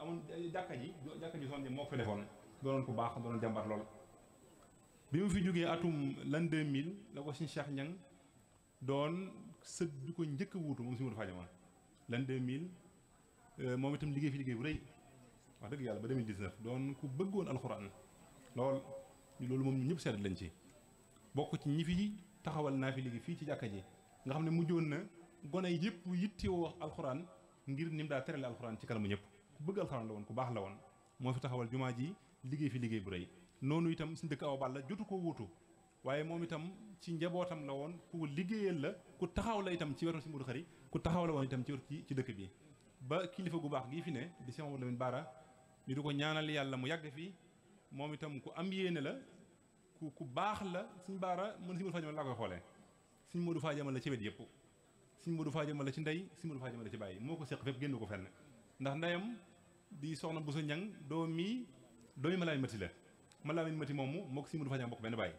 amoon jàkka ji soon ji moo ko fi defoon baax doonoon jàmbaar lool bi mu fi jógee atum l'an 2000 la ko suñu Cheikh Niang doon sët bi ko njëkk wuutu moom si Modou Fadiama l'an 2000 euh, moom itam liggéey fi liggéey bu rëy wax dëgg yàlla ba 2019 doon ku bëggoon alxuraan lool loolu moom ñun ñëpp seet lañ ci bokk ci ñi fi taxawal naa fi léegi fii ci jàkka ji nga xam ne mujjoon na gone yëpp yittewoo wax alxuraan ngir ni mu daa terale alxuraan ci kanamu ñëpp ku bëgg alxuraan la woon ku baax la woon moo fi taxawal jumaa ji liggéey fi liggéey bu rey noonu itam suñu dëkk awa balla jotu koo wuutu waaye moom itam ci njabootam la woon ku liggéeyal la ku taxaw la itam ci wetu si mudu xari ku taxaw la woon itam ci wetu ci dëkk bi ba kilifa gu baax gii fi ne di Cheikh Mamadou Lamine Bara ñu di ko ñaanal yàlla mu yàgg fii moom itam ku am yéene la ku ku bax la suñ baara mën suñ Modou Fadiama laa koy xolé suñ Modou Fadiama la ci wet yëpp suñ Modou Fadiama la ci ndey suñ Modou Fadiama la ci baye moko fep gennu ko fenn ndax ndayam di soxna bu so ñang mi, do mi Mati la Malaamin Mati momu moko ko Modou Fadiama bokk ben baye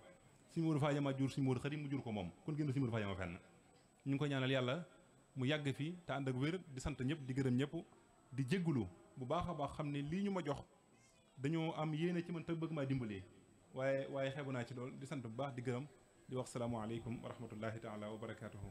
suñ Modou Fadiama jur suñ Modou Xadim mu jur ko mom kon gennu suñ Modou fenn ñu ko ñaanal yalla mu yagg fi ta and ak wër di sant ñep di gëreem ñep di jéggulu bu baaxa baax xam ne ñuma jox dañoo am yéene ci man te bëgg ma waaye waaye xeebu naa ci lool di sant bu baax di gërëm di wax salaamualeykum wa rahmatullahi taala wa barakaatuhu